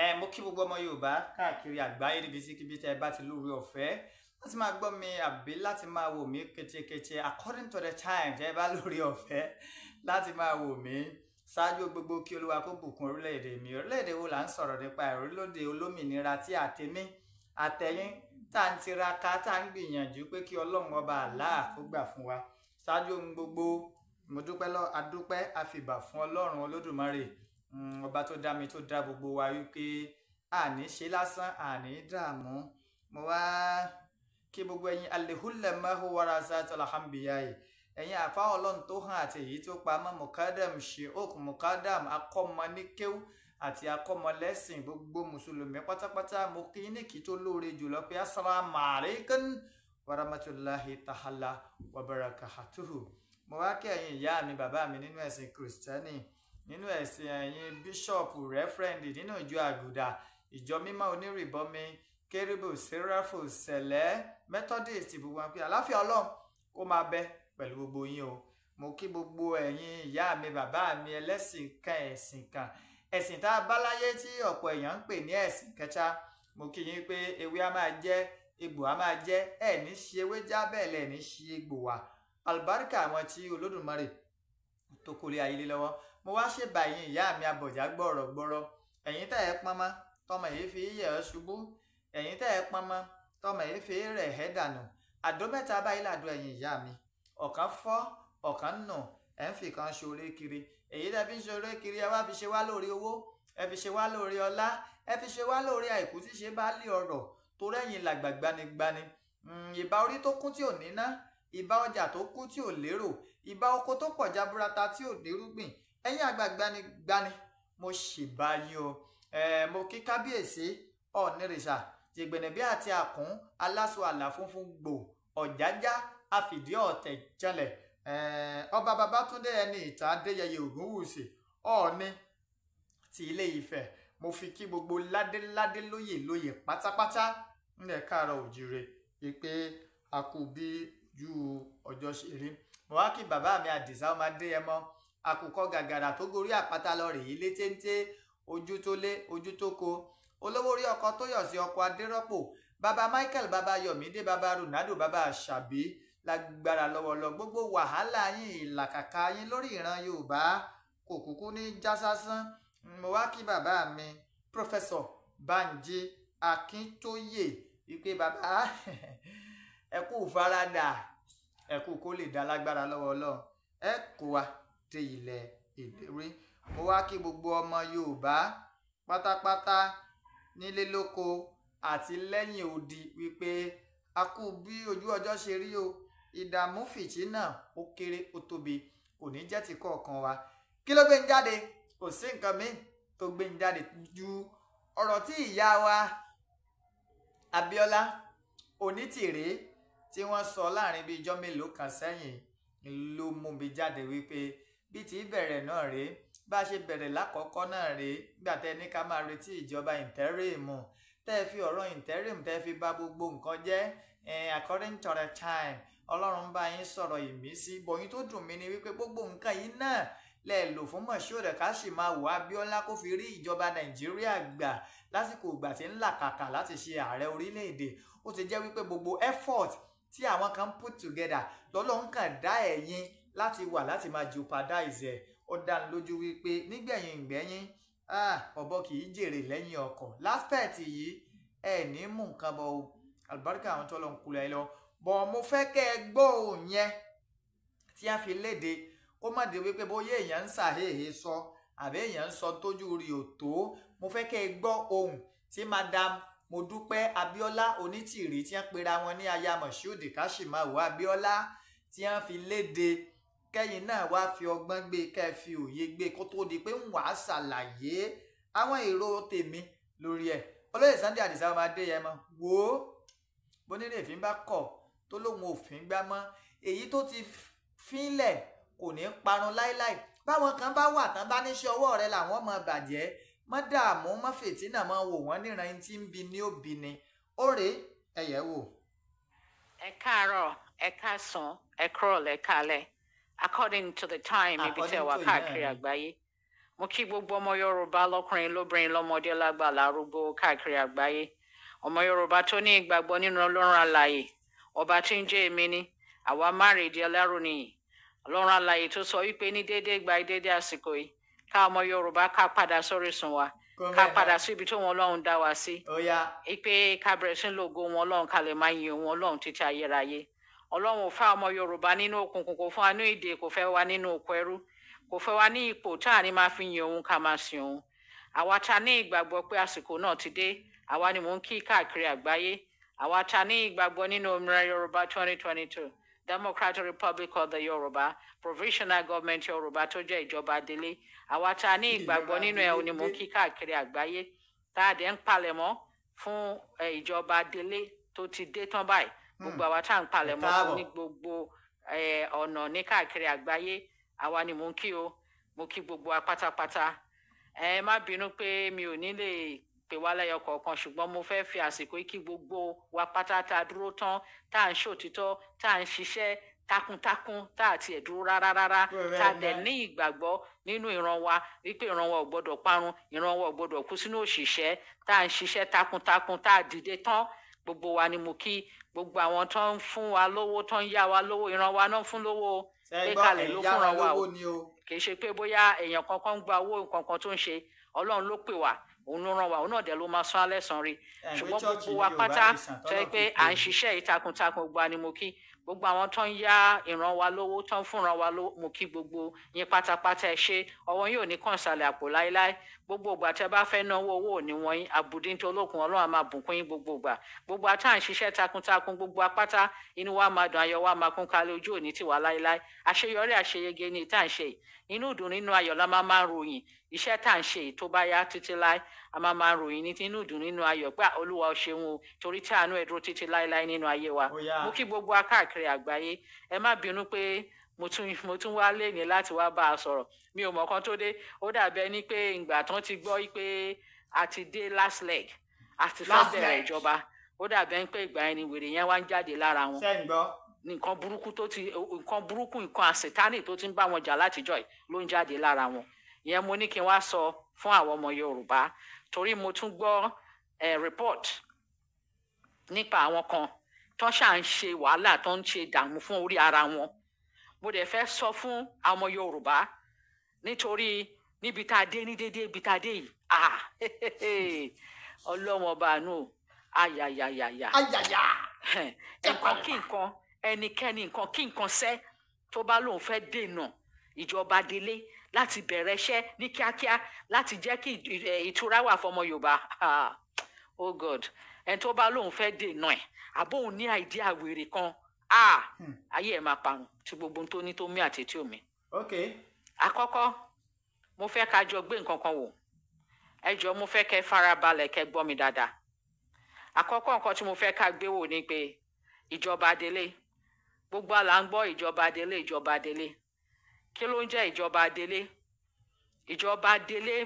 ẹ mo kí gbogbo ọmọ yorùbá káàkiri àgbáyé níbi tí kíbi tẹ bá ti lóore ọ̀fẹ́ láti máa gbọ́ mi àbí láti máa wò mí ketekete according to the time tẹ bá lóore ọ̀fẹ́ láti máa wò mí ṣáájú gbogbo kí olúwa kó bùkún orílẹ̀-èdè mi orílẹ̀-èdè wo là ń sọ̀rọ̀ nípa orílẹ̀-èdè olómìnira tí àtẹ̀mí àtẹ̀yìn tá à ń tiraka tá à ń gbìyànjú pé kí ọlọ́run ọba àláà kó gbà fún wa ṣáájú gbogbo mo dúpẹ́ adúpẹ́ àfìbà fún ọlọ́run olódùmarè Mm, ọba tó dá mi tó dá gbogbo wa wípé àní ṣe lásán àní dààmú mo wá kí gbogbo ẹ̀yin alehulamahu warasa tọlahambiyayi ẹ̀yin àfa ọlọ́run tó hàn àti èyí tó pamọ́ mukadam sheok mukadam akọ́mọníkéw àti akọ́mọlẹ́sìn gbogbo mùsùlùmí pátápátá mo kí ní kí tó lóore jùlọ pé assalamu alaikum waramatullahi tahala wabarakatuhu mo wá kí ẹ̀yin ìyá mi bàbá mi nínú ẹ̀sìn kìrìsìtẹ́nì nínú ẹ̀sìn ẹ̀yìn bíṣọ̀pù rẹ́fẹ̀rẹ́ndì nínú ìjọ àgùdà ìjọ mímọ́ onírìbọmi kérúbù séráfù sẹ̀lẹ́ methodist gbogbo wọn pé àláfíà ọlọ́run kó máa bẹ pẹ̀lú gbogbo yín o mo kí gbogbo ẹ̀yin ìyá mi bàbá mi ẹlẹ́sìn kan ẹ̀sìn kan ẹ̀sìn tá a bá láyé tí ọ̀pọ̀ èèyàn ń pè ní ẹ̀sìn kẹta mo kí yín pé ewé a máa jẹ́ egbò a máa jẹ́ ẹ̀ ṣe ewé já bẹ́ẹ̀ ṣe egbò wà àlùbáríkà àwọn tí olódùmarè tó kólé ayé lé lọ́wọ́ mo wá ṣèbà yín ìyá mi abọ̀já gbọ̀rọ̀gbọ̀rọ̀ ẹ̀yin tẹ́ ẹ pọnmọ́ tọmọ yìí fi yẹ̀ ọ́ ṣubú ẹ̀yin tẹ́ ẹ pọnmọ́ tọmọ yìí fi rẹ̀ ẹ́ dànù àdó mẹ́ta báyìí làdó ẹ̀yin ìyá mi ọ̀kan fọ́ ọ̀kan nù ẹ̀ ń fìkan ṣoré kiri èyí tẹ́ fi ń ṣoré kiri ẹ wá fi ṣe wá lórí owó ẹ fi ṣe wá lórí ọlá ẹ fi ṣe wá lórí àìkú tí ṣe bá lé ọrọ̀ tó rẹ́yìn làgbà gbanigbani hmm, ìbá orí tó kún tí ò níná ìbá ọjà tó kún tí ò lérò ìbá oko tó pọ̀ jaburata tí ò nírúgbìn ẹ̀yin àgbà gbanigbani mo ṣèbá yín o mo kí kábíyèsí ọ̀nìrìṣà jìgbìnìbí àti àkún aláṣọ àlà funfun gbò ọ̀jájá àfìdí ọ̀tẹ̀ jẹlẹ̀ ọba babátúndé ẹni ìta adéyẹyẹ ògúnwùsì ọ̀ọ́ni ti ilé ifẹ̀ mo fi kí gbogbo ládéládé lóyè lóyè pátápátá nílẹ̀ káàárọ̀ òjìrè pé a kù bí ju ọjọ́ ṣe rí mo wá kí bàbá mi àdìsá ọmọ adéyẹmọ àkùkọ gàgàrà tó gorí àpáta lọ rèé létéńté ojú tó lé ojú tó ko olówó orí ọkọ tó yọ̀ sí ọkọ̀ adérọ́pò baba michael baba yomide baba ronaldo baba asabi lágbára lọ́wọ́lọ́ gbogbo wàhálà yín ìlàkàkà yín lórí ìran yorùbá kò kúkú ní jásásán mo wá kí bàbá mi pọfẹsọ banji akíntóyè wípé bàbá ẹ kú faradà ẹ kú kó lè dá lágbára lọ́wọ́lọ́ ẹ kó wa dé ilẹ̀ ìlérí mo wá kí gbogbo ọmọ Yorùbá pátápátá nílé lóko àti lẹ́yìn odi wípé a kú bí ojú ọjọ́ ṣe rí o ìdààmú fìtínà ó kéré ó tóbi kò ní jẹ́ ti kọ̀ọ̀kan wa kí ló gbé ń jáde kò sí nǹkan míì tó gbé ń jáde ju ọ̀rọ̀ tí ìyá wa Abíọ́lá Onítìrí tí wọ́n sọ láàrin bíi ijọ́ mélòó kan sẹ́yìn ló mú mi jáde wípé bí ti bẹ̀rẹ̀ náà rèé bá a ṣe bẹ̀rẹ̀ lákọ̀ọ́kọ́ náà rèé gbà tẹ́ ní ká máa retí ìjọba ìntẹ́rìmù tẹ́ ẹ fi ọ̀rọ̀ ìntẹ́rìmù tẹ́ ẹ fi bà gbogbo nǹkan jẹ́ according to the time ọlọ́run bá yín sọ̀rọ̀ ìmísí bọ̀yìn tó dùn mí ni wípé gbogbo nǹkan yìí náà lẹ lò fún Moshood Kashimawo Abiola kó fi rí ìjọba Nàìjíríà gbà lásìkò ìgbà tí ń làkàkà láti ṣe ààrẹ orílẹ̀-èdè ó ti jẹ́ wípé gbogbo effort tí àwọn kan put together lọ́lọ́run kàn dá ẹ̀yìn láti wà láti máa jeopardize ẹ̀ ó dáni lójú wípé nígbẹ̀yìn ìgbẹ̀yìn ah, ọ̀bọ kì í jèrè lẹ́yìn ọkọ̀ láspẹ̀t yìí ẹ̀ ní mú nǹkan bọ̀ àlùbáríkà àwọn tó lọ ń kulẹ̀ lọ bọ̀ mo fẹ́ kẹ́ ẹ gbọ́ òun yẹn tí a fi léde kó má di wípé bóyá èèyàn ń ṣàhéhe sọ àbí èèyàn ń sọ tójú rí ò tó mo fẹ́ kẹ́ ẹ gbọ́ ohun tí madam Modúpẹ́ abiola Onítìrí tí wọ́n pera wọn ní aya Moshood abiola Abíọ́lá tí wọ́n fi léde kẹ́yìn náà wá fi ọgbọ́n gbé kẹ́ ẹ fi òye gbé kó tó di pé ń wàá ṣàlàyé àwọn èrò tèmi lórí ẹ̀ olóyè Sunday Adisa ọmọ Adéyẹmọ wò ó bonírèéfín bá kọ̀ tó lóun òfin gbá mọ́ èyí tó ti fínlẹ̀ kò ní parun láíláí báwọn kan bá wà tán bá níṣẹ́ ọwọ́ rẹ làwọn máa bàjẹ́ mọ́ dààmú mọ́ fìtínà mọ́ wò wọ́n níran ẹni tí ń bi ní òbí ni ó rèé ẹ̀yẹ́ wò. ẹ káàárọ̀ ẹ káàsán ẹ kúrọ̀lẹ́ kálẹ́ according to the time ibi tẹ́ wà káàkiri àgbáyé mo kí gbogbo ọmọ yorùbá lọ́kùnrin lóbìnrin lọ́mọdé lágbà lárúgbó káàkiri àgbáyé ọmọ yorùbá tó ní ìgbàgbọ́ nínú ọlọ́run alààyè ọba tí ń jẹ́ èmi ni àwa márèdí ẹlẹ́rù nìyí ọlọ́run alààyè tó sọ wípé ní déédéé gba déédé àsìkò yìí ká ọmọ yorùbá ká padà sórísun wa ká padà sí ibi tó wọn ọlọ́run dá wa sí ipe ká sí lògo wọn ọlọ́run ká máa yin wọn ọlọ́run títí ayérayé ọlọ́run ò fa ọmọ yorùbá nínú òkùnkùn kò fún wa ní ìdè kò fẹ́ wa nínú òkú ẹrú kò fẹ́ wa ní ipò tá à ní máa fi yin òun ká máa sìn òun àwa ta ní ìgbàgbọ́ pé àsìkò náà ti dé àwa ni mò ń kí káàkiri àgbáyé àwa ta ní ìgbàgbọ́ nínú òmìnira yorùbá twenty democratic republic of the yorùbá provisional government yorùbá tó jẹ́ ìjọba délé àwa ta ní ìgbàgbọ́ nínú ẹ̀ òun ni mò ń kí káàkiri àgbáyé tá a dẹ̀ ń palẹ̀mọ́ fún ìjọba délé tó ti dé tán báyìí Hmm. gbogbo àwa tá à ń palẹ̀ mọ́ fún ní gbogbo ọ̀nà ní káàkiri àgbáyé àwa ni mò ń kí o mo kí gbogbo wa pátápátá ẹ má bínú pé mi ò ní lè pè wá lẹ́yọ kọ̀ọ̀kan ṣùgbọ́n mo fẹ́ fi àsìkò kí gbogbo wa pátá tá a dúró tán tá à ń ṣòtítọ́ tá à ń ṣiṣẹ́ takuntakun tá a tiẹ̀ dúró rárá rárá tá a dẹ̀ ní ìgbàgbọ́ nínú ìran wa wípé ìran wa ò gbọ́dọ̀ parun ìran wa ò gbọ́dọ̀ kú sínú òṣìṣẹ́ tá à ń ṣiṣẹ́ takuntakun tá a dìde tán gbogbo wa ni mo kí gbogbo àwọn tó ń fún wa lówó tó ń yá wa lówó ìran wa náà fún lówó pékalẹ̀ ló fúnra wa o kì í ṣe pé bóyá èèyàn kankan ń gba owó kankan tó ń ṣe ọlọ́run ló pè wá òun ló ràn wá òun náà dẹ̀ ló máa san alẹ́ san rí ṣùgbọ́n gbogbo wa pátá tó yẹ pé à ń ṣiṣẹ́ yìí takuntakun gba ni mo kí gbogbo àwọn tó ń yá ìran wa lówó tó ń fúnra wa ló mo kí gbogbo yín pátápátá ẹ ṣe ọwọ́ yóò ní kàn sálẹ̀ àpò láéláé gbogbo ìgbà tẹ bá fẹ́ náwó owó òní wọ̀nyí àbùdíntó olókun ọlọ́run á máa bùnkún yín gbogbo ìgbà gbogbo àtà ń ṣiṣẹ́ takuntakun gbogbo apáta inú wa máa dùn ayọ̀ wa máa kún kalẹ̀ ojú òní tiwa láéláé àṣeyọrí àṣeyege ni ìtà ń ṣe inú ìdùn nínú ayọ̀ la máa máa ròyìn iṣẹ́ tà ń ṣe tó bá yá títí láé a máa máa ròyìn ní tinú ìdùn nínú ayọ̀ pé olúwa ò ṣeun o torí tí àánú ẹ̀ dúró títí láéláé nínú ayé wa mú kí gbogbo akáàkiri àgbáyé ẹ má bínú pé mo tún mo tún wá lé ní láti wá bá a sọ̀rọ̀ mi ò mọ̀ kan tó dé ó dàbẹ́ ni pé ìgbà tán ti gbọ́ pé a ti dé last leg a ti fẹ́ bẹ̀rẹ̀ ìjọba ó dàbẹ́ pé ìgbà yẹn ni wèrè yẹn wá ń jáde lára wọn nǹkan burúkú tó ti nǹkan burúkú nǹkan àṣetánì tó ti ń bá wọn jà látijọ́ yìí ló ń jáde lára wọn ìyẹn mo ní kí n wá sọ fún àwọn ọmọ Yorùbá torí mo tún gbọ́ eh, report nípa àwọn kan tó ṣà ń ṣe wàhálà tó ń ṣe dààmú fún orí ara wọn mo dẹ̀ fẹ́ sọ fún àwọn yorùbá nítorí níbi tá a dé ní déédéé ibi tá a dé yìí ah ọlọ́wọ́n ọba àánú ayayayaya ayaya nǹkan kí nǹkan ẹnikẹ́ni nǹkan kí nǹkan sẹ́ tó bá lóun fẹ́ dènà ìjọba délé láti bẹ̀rẹ̀ iṣẹ́ ní kíákíá láti jẹ́ kí ìtura wà fọmọ yorùbá ah oh god ẹni tó bá lóun fẹ́ dènà ẹ̀ àbóun ní àìdí àwèrè kan ah hmm. ayé ẹ̀ máa parun tí gbogbo ohun tó ní tó mí àti tí ò mí. àkọ́kọ́ mo fẹ́ ká jọ gbé nǹkan kan wò ẹ jọ mo fẹ́ kẹ́ farabalẹ̀ kẹ́ gbọ́ mi dáadáa àkọ́kọ́ nǹkan tí mo fẹ́ ká gbé wò ni pé ìjọba délé gbogbo àlà ń gbọ́ ìjọba délé ìjọba délé kí ló ń jẹ́ ìjọba délé ìjọba délé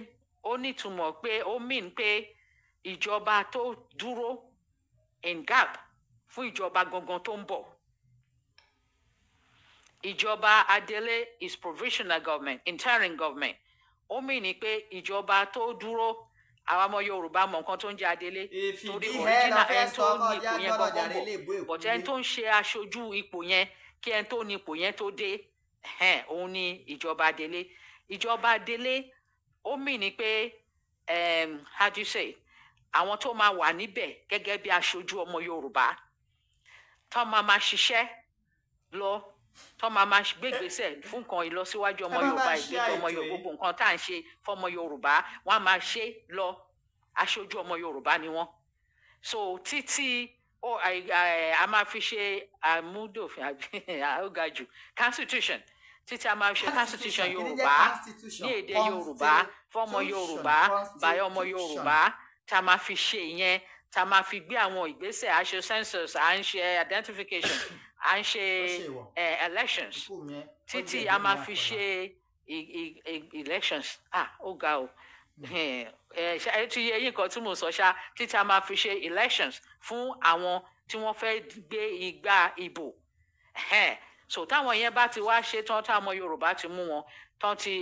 ó nítumọ̀ pé ó mean pé ìjọba tó dúró in gap fún ìjọba gangan tó ń bọ̀ ìjọba adelé is provisional government interim government ó mì ní pé ìjọba tó dúró àwọn ọmọ yorùbá mọ nǹkan tó ń jẹ adelé torí original ẹni tó ní ipò yẹn gbọgbọgbọ but ẹni tó ń ṣe aṣojú ipò yẹn kí ẹni tó ní ipò yẹn tó dé òun ni ìjọba adelé ìjọba adelé ó mì ní pé um, how do you say àwọn tó máa wà níbẹ̀ gẹ́gẹ́ bí aṣojú ọmọ yorùbá tó máa máa ṣiṣẹ́ lọ tó máa máa gbé ìgbésẹ̀ fún nǹkan ìlọsíwájú ọmọ yorùbá ìgbésẹ̀ ọmọ yorùbá gbogbo nǹkan tá à ń ṣe fọmọ yorùbá wọn á máa ṣe lọ aṣojú ọmọ yorùbá ni wọn so títí ó a máa fi ṣe àmúdòfin àgàjù constitution títí a máa ṣe constitution yorùbá ní èdè yorùbá fọmọ yorùbá báyọ ọmọ yorùbá tá a máa fi ṣe ìyẹn tá a máa fi gbé àwọn ìgbésẹ̀ a census à ń ṣe identification à ń ṣe elections títí a máa fi ṣe elections ah ó ga o hmm. ẹ ti yẹ yín kan tí mo sọ ṣá títí a máa fi ṣe elections fún àwọn tí wọ́n fẹ́ gbé igbá ìbò so táwọn yẹn bá ti wá ṣe tán táwọn Yorùbá ti mú wọn tán ti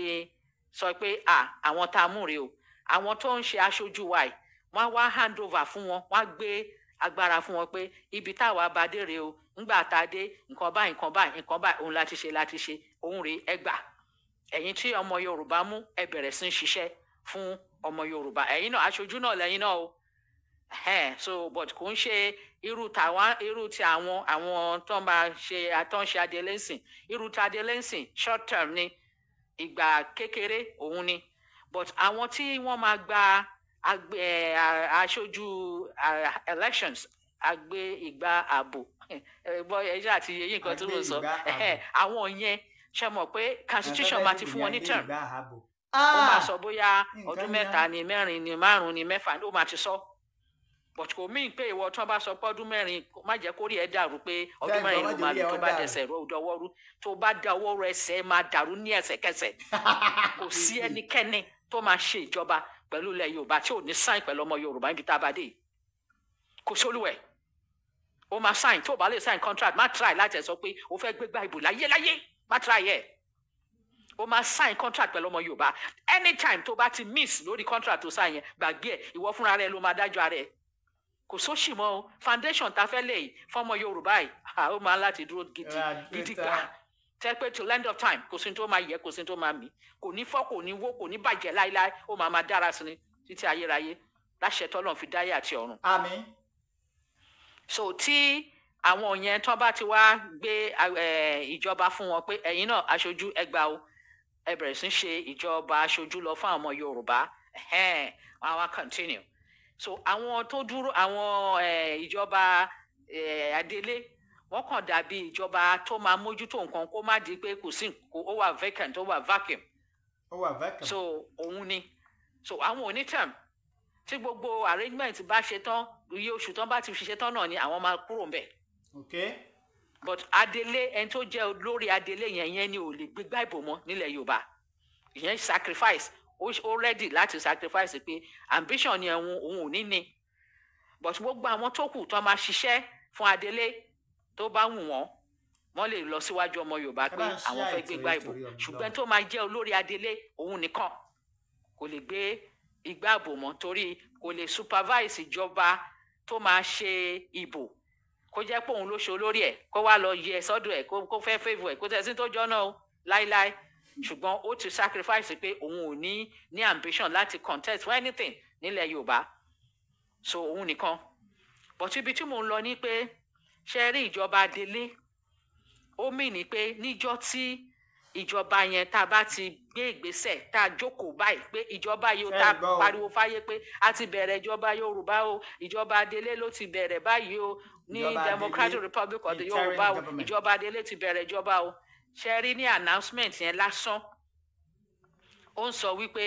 sọ pé ah àwọn tá a mú rèé o àwọn tó ń ṣe aṣojú wa yìí wọ́n wá hand over fún wọn wọ́n á gbé agbára fún wọn pé ibi táwa bá dé rèé o ńgbà tá a dé nǹkan báyìí nǹkan báyìí nǹkan báyìí òun láti ṣe láti ṣe òun rèé ẹ gbà tí ọmọ yorùbá mú ẹ bẹ̀rẹ̀ sí ń ṣiṣẹ́ fún ọmọ yorùbá ẹ̀yin náà aṣojú náà lẹ́yìn náà o ẹ̀hẹ́n so but kò ń ṣe irú tàwọn irú ti àwọn àwọn tó máa ṣe àtọ́nṣe adélẹ́sìn irú ti adélẹ́sìn short term ni ìgbà kékeré òun ni but àwọn tí wọ́n máa gba Eh, aṣojú eh, elections agbe ìgbà ààbò ẹgbọn eh, ẹjẹ àti eyín nǹkan tó mò ń sọ àwọn yẹn ṣe mọ̀ pé constitution máa ti fún wọn ní term ó máa ah! sọ bóyá ọdún mẹ́ta ni mẹ́rin ni márùn-ún ni mẹ́fà ó máa ti sọ but kò mí pé ìwọ tí wọn bá sọ pé ọdún mẹ́rin má jẹ́ kórìí ẹ dàrú pé ọdún mẹ́rin ló máa lò tó bá dẹsẹ̀ rọ òdọwọrú tó bá dọwọ́ rẹ máa dàrú ní ẹsẹ̀kẹsẹ̀ kò sí ẹnikẹ́ni tó máa ṣe ìjọba pẹ̀lú ilẹ̀ yorùbá tí ò ní sáìn pẹ̀lú ọmọ yorùbá níbi tá a bá dé kò sólùwẹ̀ o máa sáìn tí ò bá lè sáìn contract má try láti ẹ̀ sọ pé o fẹ́ gbégbá ìbò láyé láyé má try yẹ o máa sign contract pẹ̀lú ọmọ yorùbá anytime tó bá ti miss lórí contract tó sign yẹn gbàgbé ẹ̀ ìwọ fúnra rẹ ló máa dájọ́ ara kò sóṣì mọ́ o foundation ta fẹ́ lè fọmọ yorùbá yìí ó máa láti dúró gidi gidi gbà tẹ́ pé till end of time kò sí tó máa yẹ kò sí tó máa mì kò ní fọ́ kò ní wó kò ní bàjẹ́ láéláé ó máa máa dára sí ni títí ayérayé láṣẹ tọ́lọ́run fi dáyé àti ọ̀run. àmín. so tí àwọn yẹn tán bá ti wá gbé ìjọba fún wọn pé ẹ̀yin náà aṣojú ẹgbà o ẹ bẹ̀rẹ̀ sí ṣe ìjọba aṣojú lọ fún àwọn yorùbá wọn continue so àwọn tó dúró àwọn ìjọba adelé wọ́n kàn dàbí ìjọba tó máa mójútó nǹkan kó má di pé kò sí nǹkan ó wà vacant ó wà vacuum. ó wà vacuum. so òun ni so àwọn onítàm tí gbogbo arrangement bá ṣe tán iye oṣù tán bá ti ṣiṣẹ́ tán náà ni àwọn máa kúrò ńbẹ̀. okay. but adelé ẹni tó jẹ́ olórí adelé yẹn yẹn ni ò lè gbégbá ìbò mọ́ nílẹ̀ yorùbá ìyẹn sacrifice ó ready láti sacrifice pé ambition yẹn òun ò ní ni but gbogbo àwọn tó kù tán máa ṣiṣẹ́ fún adelé tó bá wù wọ́n wọ́n lè lọ síwájú ọmọ yorùbá pé àwọn fẹ́ gbégbá ìbò ṣùgbọ́n tó máa jẹ́ olórí adelé òun nìkan kò lè gbé igbá ìbò mọ́ torí kò lè supervise ìjọba tó máa ṣe ìbò kó jẹ́ pé òun ló ṣe olórí ẹ̀ kó wá lọ yẹ sọ́dọ̀ ẹ̀ kó fẹ́ favour ẹ̀ kó tẹ̀sí tó jọ́nà o láíláí ṣùgbọ́n ó ti sacrifice pé òun ò ní ní ambition láti contest for anything nílẹ̀ yorùbá so òun nìkan but ibi tí mò ń lọ ni pé ṣe rí ìjọba délé ó mì ní pé níjọ́ tí ìjọba yẹn tá a bá ti gbé ìgbésẹ̀ tá a jókòó báyìí pé ìjọba yóò tá a pariwo fáyé pé a ti bẹ̀rẹ̀ ìjọba Yorùbá o ìjọba délé ló ti bẹ̀rẹ̀ báyìí o ní Democratic Republic of the Yorùbá o ìjọba délé ti bẹ̀rẹ̀ ìjọba o ṣe rí ní announcement yẹn lásán ó ń sọ wípé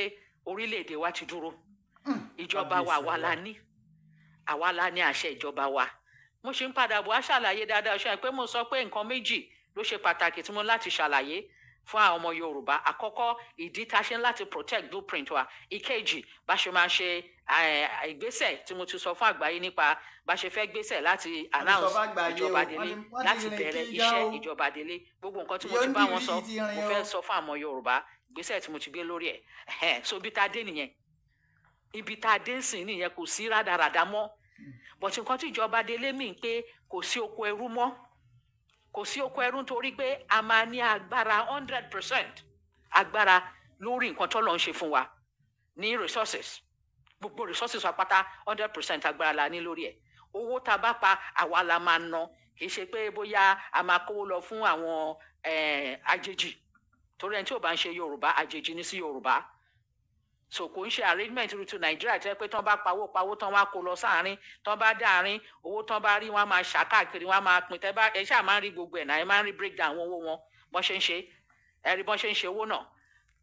orílẹ̀-èdè wa ti dúró hmm. ìjọba wa àwa la àwa la àṣẹ ìjọba wa mo ṣe ń padà bọ̀ á ṣàlàyé dáadáa ṣe pé mo sọ pé nǹkan méjì ló ṣe pàtàkì tí mo láti ṣàlàyé fún àwọn ọmọ yorùbá àkọ́kọ́ ìdí tá a ṣe ń láti protect blueprint wa ìkejì bá ṣe máa ṣe eh, ìgbésẹ̀ tí mo ti sọ fún àgbáyé nípa bá ṣe fẹ́ gbésẹ̀ láti announce ìjọba délé láti bẹ̀rẹ̀ iṣẹ́ ìjọba délé gbogbo nǹkan tí mo ti bá wọn sọ mo fẹ́ sọ fún àwọn yorùbá ìgbésẹ̀ tí mo ti gbé lórí ẹ̀ so ibi tá a dé nìyẹn ibi tá a dé sìn nìyẹn kò sí rádaràdà mọ́ but nǹkan tí ìjọba délé mi pé kò sí oko ẹrú mọ́ kò sí oko ẹrú nítorí pé a máa ní agbára hundred percent agbára lórí nǹkan tó lọ ń ṣe fún wa ní resources gbogbo resources wa pátá hundred percent agbára la ní lórí ẹ̀ owó tá a bá pa àwa la máa ná kì í ṣe pé bóyá a máa kówó lọ fún àwọn eh, àjèjì torí ẹni tí ò bá ń ṣe Yorùbá àjèjì ní sí Yorùbá so kò ń ṣe arrangement rutu nàìjíríà tẹ́ pé tán bá pawó pawó tán wá kó lọ sáàárín tán bá dáàárín owó tán bá rí wọn máa ṣàkàkiri wọn máa pín tẹ́ bá ẹ ṣáà máa ń rí gbogbo ẹ̀ náà ẹ máa ń rí breakdown owó wọn bọ́n ṣe ń ṣe ẹ rí bọ́n ṣe ń ṣe owó náà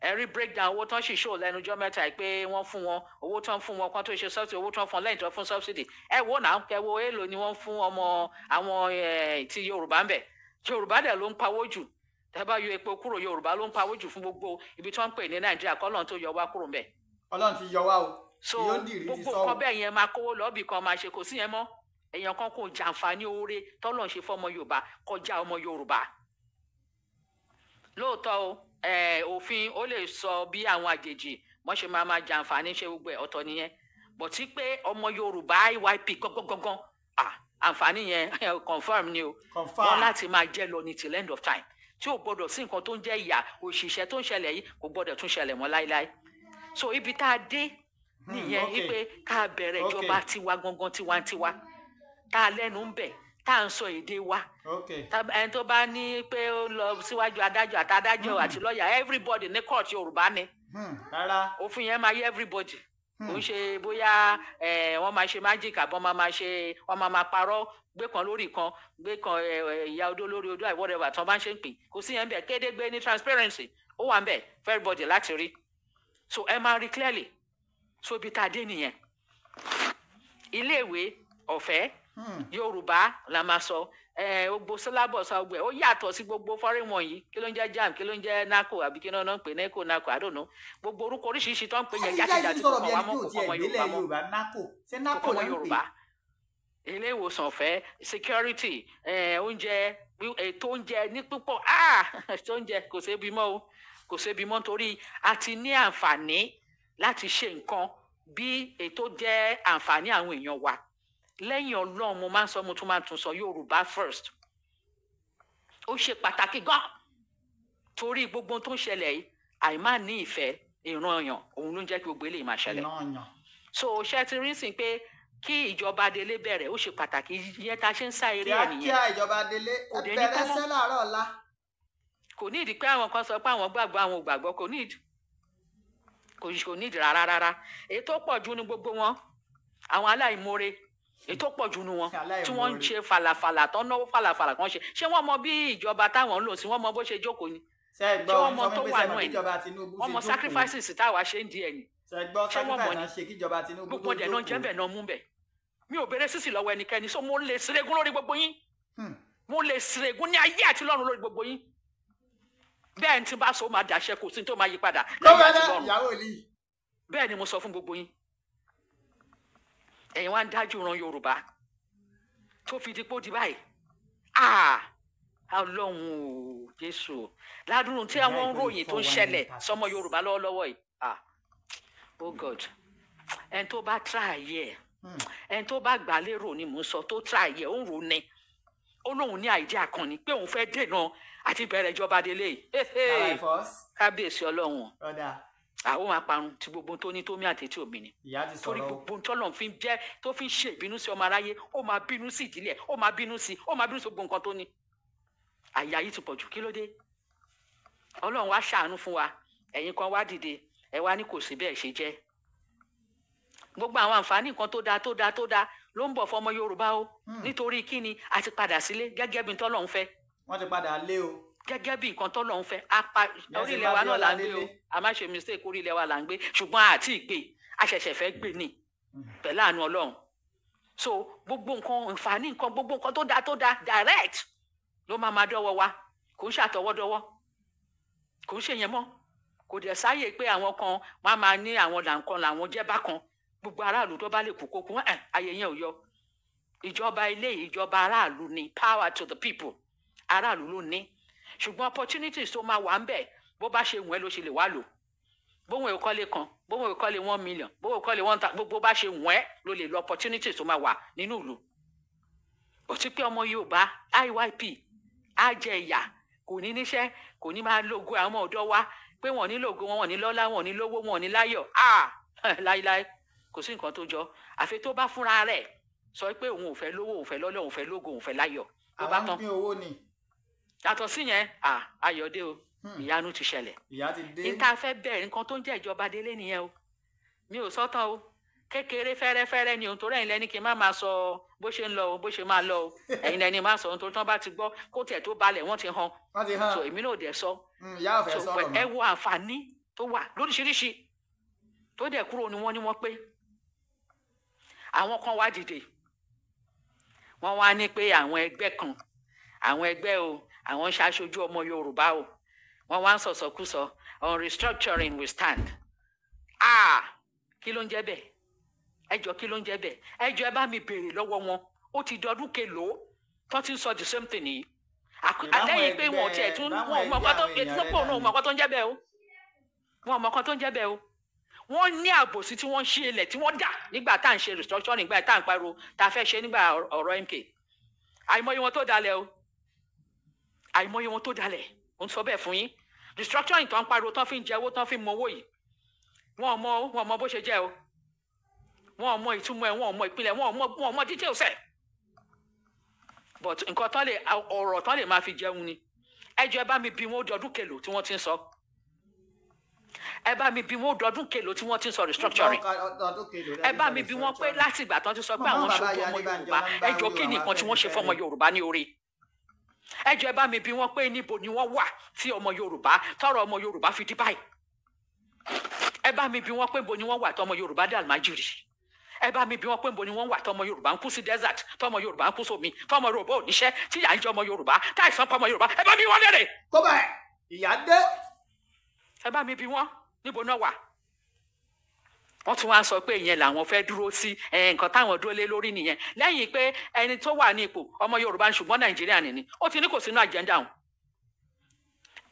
ẹ rí breakdown owó tán sì ṣó lẹ́nu ọjọ́ mẹ́ta ẹ pé wọ́n fún wọn owó tán fún wọn kan tó ṣe subsidy owó tán fún lẹ́yìn tó fún subsidy ẹ wo náà ẹ wo èèlò ni wọ́n fún ọmọ àwọn ti yorùbá ń bẹ̀ yorùbá dẹ̀ ló ń pawó jù tẹ́ bá yọ epo kúrò yorùbá ló ń pawó jù fún gbogbo ibi tí wọ́n ń pè ní nàìjíríà kọ́lọ́n tó yọ wá kúrò ńbẹ̀. ọlọ́run ti yọ wá o so gbogbo nǹkan bẹ́ẹ̀ yẹn máa kówó lọ́ọ̀bì kan máa ṣe kò sí yẹn mọ́ èèyàn kan kò jàǹfààní oore tọ́lọ́run ṣe fọ́mọ yorùbá kọjá ọmọ yorùbá lóòótọ́ o eh, òfin ó lè sọ bí àwọn àjèjì wọ́n ṣe máa máa jàǹfààní ṣe gbogbo ẹ̀ ọ̀tọ̀ confirm ni o wọ́n láti máa jẹ́ lọ ní till end of time tí ò gbọdọ̀ sí nǹkan tó ń jẹ́ ìyà òṣìṣẹ́ tó ń ṣẹlẹ̀ yìí kò gbọdọ̀ tún ṣẹlẹ̀ mọ́ láéláé so ibi tá a dé hmm, nìyẹn wípé ká bẹ̀rẹ̀ ìjọba tiwa gangan tiwantiwa tá a lẹ́nu ń bẹ̀ tá à ń sọ èdè wa ẹni tó bá ní pé ó lọ síwájú adájọ́ àtàdájọ́ hmm. àti lọ́ọ̀yà everybody ní court Yorùbá ni hmm, òfin yẹn máa yé everybody ń hmm. ṣe bóyá eh, wọ́n máa ṣe magic àbọ̀ máa máa ṣe wọ́n máa máa parọ́ gbé kan lórí kan gbé kan eh, eh, ìyá odó lórí odó àìwọ́ rẹwà tán bá ń ṣe ń pè kò sí yẹn bẹ́ẹ̀ kéde gbé ní transparency ó wà ń bẹ̀ for everybody láti rí so ẹ máa rí clearly so ibi tá a dé nìyẹn iléèwé ọ̀fẹ́ hmm. yorùbá la máa sọ gbogbo syllabus ọgbẹ ó yàtọ̀ sí gbogbo foreign wọ̀nyí kí ló ń jẹ́ jam kí ló ń jẹ́ naco àbí kí náà ń pè neco naco I don't know gbogbo orúkọ oríṣiríṣi tó ń pè yẹn jákèjádé tó kàn wá mọ́ kókó ọmọ Yorùbá mọ́ kókó ọmọ Yorùbá ilé ìwòsàn ọ̀fẹ́ security oúnjẹ ètò oúnjẹ ní púpọ̀ ètò oúnjẹ kò sébi mọ́ o kò sébi mọ́ torí a ti ní àǹfààní láti ṣe nǹkan bí ètò jẹ́ àǹfààní àwọn èèyàn wa lẹ́yìn ọlọ́run mo máa ń sọ mo tún máa tún sọ yorùbá first ó ṣe pàtàkì gan torí gbogbo tó ń ṣẹlẹ̀ yìí àìmá ní ìfẹ́ ìran ọ̀yàn òun ló ń jẹ́ kí gbogbo eléyìí máa ṣẹlẹ̀ so ṣe ti rí sìn pé kí ìjọba délé bẹ̀rẹ̀ ó ṣe pàtàkì ìyẹn ta ṣe ń sá eré ẹ̀ nìyẹn. kíákíá ìjọba délé bẹ̀rẹ̀ sẹ́ láàárọ̀ ọ̀la. kò ní ìdí pé àwọn kan sọ pé àwọn gbàgbọ́ àwọn ò kò ní ìdí kò ní ìdí rárá rárá èyí tó pọ̀ jù ní gbogbo wọn àwọn aláìmoore ètò pọ̀ jù nu wọn tí wọ́n ń ṣe falafala tó ń náwó falafala kan ṣe ṣé wọ́n mọ bí ìjọba táwọn ń lò sí wọ́n mọ bó ṣe jókòó ni ṣé wọ́n mọ tó wà náà ni wọ́n mọ sacrifices táwa ṣe ń di ẹ̀ ni ṣé wọ́n mọ ni gbogbo ọ̀dẹ̀ náà jẹ́ bẹ̀ náà mú bẹ̀ mi ò béèrè sísì lọ́wọ́ ẹnikẹ́ni so mo lè sírégún lórí gbogbo yín hmm. mo lè sírégún ní ayé àti lọ́run lórí gbogbo yín bẹ́ẹ̀ ni tí bá so máa dàṣẹ kò sí ní tó máa yí bẹ́ẹ̀ ni mo sọ fún gbogbo yín ẹ̀yin wá ń dájú ran yorùbá tó fi dípò di báyìí ah ọlọ́run o jésù ládùúrú tí àwọn ń ròyìn tó ń ṣẹlẹ̀ sọmọ yorùbá lọ́wọ́lọ́wọ́ yìí ah oh god ẹni tó bá tíráyé ẹ hmm. ẹni tó bá gbà lérò ni mò ń sọ tó tíráyé ó ń rò ní ó lóun ní àìdí àkànní pé òun fẹ́ dènà àti bẹ̀rẹ̀ ìjọba délé yìí kábíyèsí ọlọ́run àwọn máa parun tí gbogbo tó ní tó mí àti tí ò mí ni. ìyá ti sọ̀rọ̀ o torí gbogbo tọ́lọ̀ fi jẹ́ tó fi ń ṣe ìbínú sí ọmọ aráyé ó máa bínú sí ìdílé ó máa bínú sí ó máa bínú sí gbogbo nǹkan tó ní. àyà yìí ti pọ̀ jù kí ló dé ọlọ́run wá ṣàánú fún wa ẹ̀yin kan wá dìde ẹ wá ní kò sí bẹ́ẹ̀ ṣe jẹ́. gbogbo àwọn àǹfààní nǹkan tó dáa tó dáa tó dáa ló ń bọ̀ fọmọ Yorùbá o hmm. nítorí kíni a ti padà sílé gẹ́gẹ́ bí tọ́lọ́run fẹ́ gẹ́gẹ́ bí nǹkan tọ́lọ́run fẹ́ apá orílẹ̀ wa náà là ń gbé o a má ṣe mistake orílẹ̀ wa là ń gbé ṣùgbọ́n àti ìgbé a ṣẹ̀ṣẹ̀ fẹ́ gbé ni pẹ̀lú àánú ọlọ́run so gbogbo nǹkan ìfàní nǹkan gbogbo nǹkan tó da tó da direct ló máa máa dọ́wọ́ wa kò ń ṣàtọwọ́dọ́wọ́ kò ń ṣe yẹn mọ́ kò dẹ̀ sáyè pé àwọn kan wọn á máa ní àwọn làǹkan làwọn jẹ́ bákan gbogbo aráàlú tó bá lè kú kókó ẹ̀ ayé yẹn ò yọ ìjọba ilé ìjọba aráàlú ni power to the people aráàlú ló ní ṣùgbọ́n opportunities tó máa wà ń bẹ̀ bó bá ṣe wùn ẹ́ ló ṣe lè wá lò bóun èkó lè kan bóun èkó lè one million bóun èkó lè one ta gbogbo bá ṣe wùn ẹ́ ló lè lo opportunities tó máa wà nínú ìlú òtí pé ọmọ Yorùbá IYP á jẹ ìyà kò ní níṣẹ́ kò ní máa lógo àwọn ọ̀dọ́ wa pé wọ́n ní lógo wọn wọ́n ní lọ́lá wọ́n ní lówó wọ́n ní láyọ̀ ah láíláí kò sí nǹkan tó jọ àfi tó bá fúnra rẹ̀ sọ pé òun ò fẹ́ lówó òun fẹ́ lọ́lọ́ òun fẹ́ lógo òun fẹ́ láyọ̀. àwọn ń pín owó ni yàtọ̀ sí yẹn ayọ̀dẹ o hmm. ìyanu ti ṣẹlẹ̀ níta fẹ́ bẹ̀rẹ̀ nǹkan tó ń jẹ́ ìjọba délé nìyẹn o mi ò sọ́tàn o kékeré fẹ́rẹ́fẹ́rẹ́ ni ohun tó rẹ̀yìn lẹ́ni kí n má máa sọ bó ṣe ń lọ o bó ṣe máa lọ o ẹ̀yin lẹ́ni máa sọ ohun tó tán bá ti gbọ́ kó tiẹ̀ tó balẹ̀ wọ́n ti han so èmi náà dẹ̀ sọ hmm, so ẹ wo àǹfààní tó wà lóríṣiríṣi tó dẹ̀ kúrò ni wọ́n ní wọ́n pé àwọn kan wá dìde wọ́n wá ní pé àwọn ẹgbẹ́ kan àwọn ẹgbẹ́ o àwọn ń ṣaṣojú ọmọ yorùbá o wọn wá ń sọsọkúsọ on restructuring we stand ah kí ló ń jẹ́ bẹ́ẹ̀ ẹ jọ kí ló ń jẹ́ bẹ́ẹ̀ ẹ jọ ẹ bá mi béèrè lọ́wọ́ wọn ó ti dọdún kelòó tó ti ń sọ the same thing yìí àtẹ̀yìn pé wọn ò tiẹ̀ tún wọn ò mọ ọkọ tó etí sọpọ òun ò mọ ọkọ tó ń jẹ́ bẹ́ẹ̀ o wọn ò mọ ọkọ tó ń jẹ́ bẹ́ẹ̀ o wọn ní àbòsí tí wọn ń ṣe ilẹ̀ tí wọn dà nígbà tá à ń ṣe restructuring nígbà tá à ń pariwo tá a fẹ́ ṣe nígbà ọ̀rọ̀ mk àìmọye wọn tó dalẹ̀ o àìmọye wọn tó dalẹ̀ mo ń sọ bẹ́ẹ̀ fún yín restructuring tó ń pariwo tán fi ń jẹ owó tán fi ń mọ owó yìí wọn ò mọ wọn ò mọ bó ṣe jẹ o wọn ò mọ ìtumọ̀ ẹ̀ wọn ò mọ ìpìlẹ̀ wọn ò mọ wọn ò mọ details ẹ̀ but nǹkan tán lè ọ̀rọ̀ tán lè máa fi jẹun ni ẹ jọ ẹ bá mi bí wọn ó dọdún kèlò tí wọ́n ti ń sọ ẹ bá mi bí wọn ó dọdún kèlò tí wọ́n ti ń sọ restructuring ẹ bá mi bí wọn pé láti ìgbà tán ti sọ pé àwọn ṣòkò ọmọ Yorùbá ẹ jọ kí ni nǹkan tí wọ́n ṣe fọmọ Yorùbá ní orí ẹ jọ̀ọ́ ẹ bá mi bi wọ́n pé níbo ni wọ́n wà tí ọmọ Yorùbá tọrọ ọmọ Yorùbá fi dí báyìí ẹ bá mi bi wọ́n pé níbo ni wọ́n wà tọmọ Yorùbá dé àlùmájírì ẹ bá mi bi wọ́n pé níbo ni wọ́n wà tọmọ Yorùbá ń kú sí desert tọmọ Yorùbá ń kú sómi tọmọ Yorùbá oníṣẹ́ tí ìyà ń jẹ ọmọ Yorùbá táìsàn pọmọ Yorùbá ẹ bá mi wọ́n léèrè. kó bẹ́ẹ̀ ìyá dé. ẹ bá mi bi wọ́n níbo náà wà wọ́n tún wá sọ pé ìyẹn làwọn fẹ́ dúró sí nǹkan táwọn dúró lé lórí nìyẹn lẹ́yìn pé ẹni tó wà ní ipò ọmọ yorùbá ṣùgbọ́n nàìjíríà nìní ó ti ní kò sínú àjẹ́ńdà òun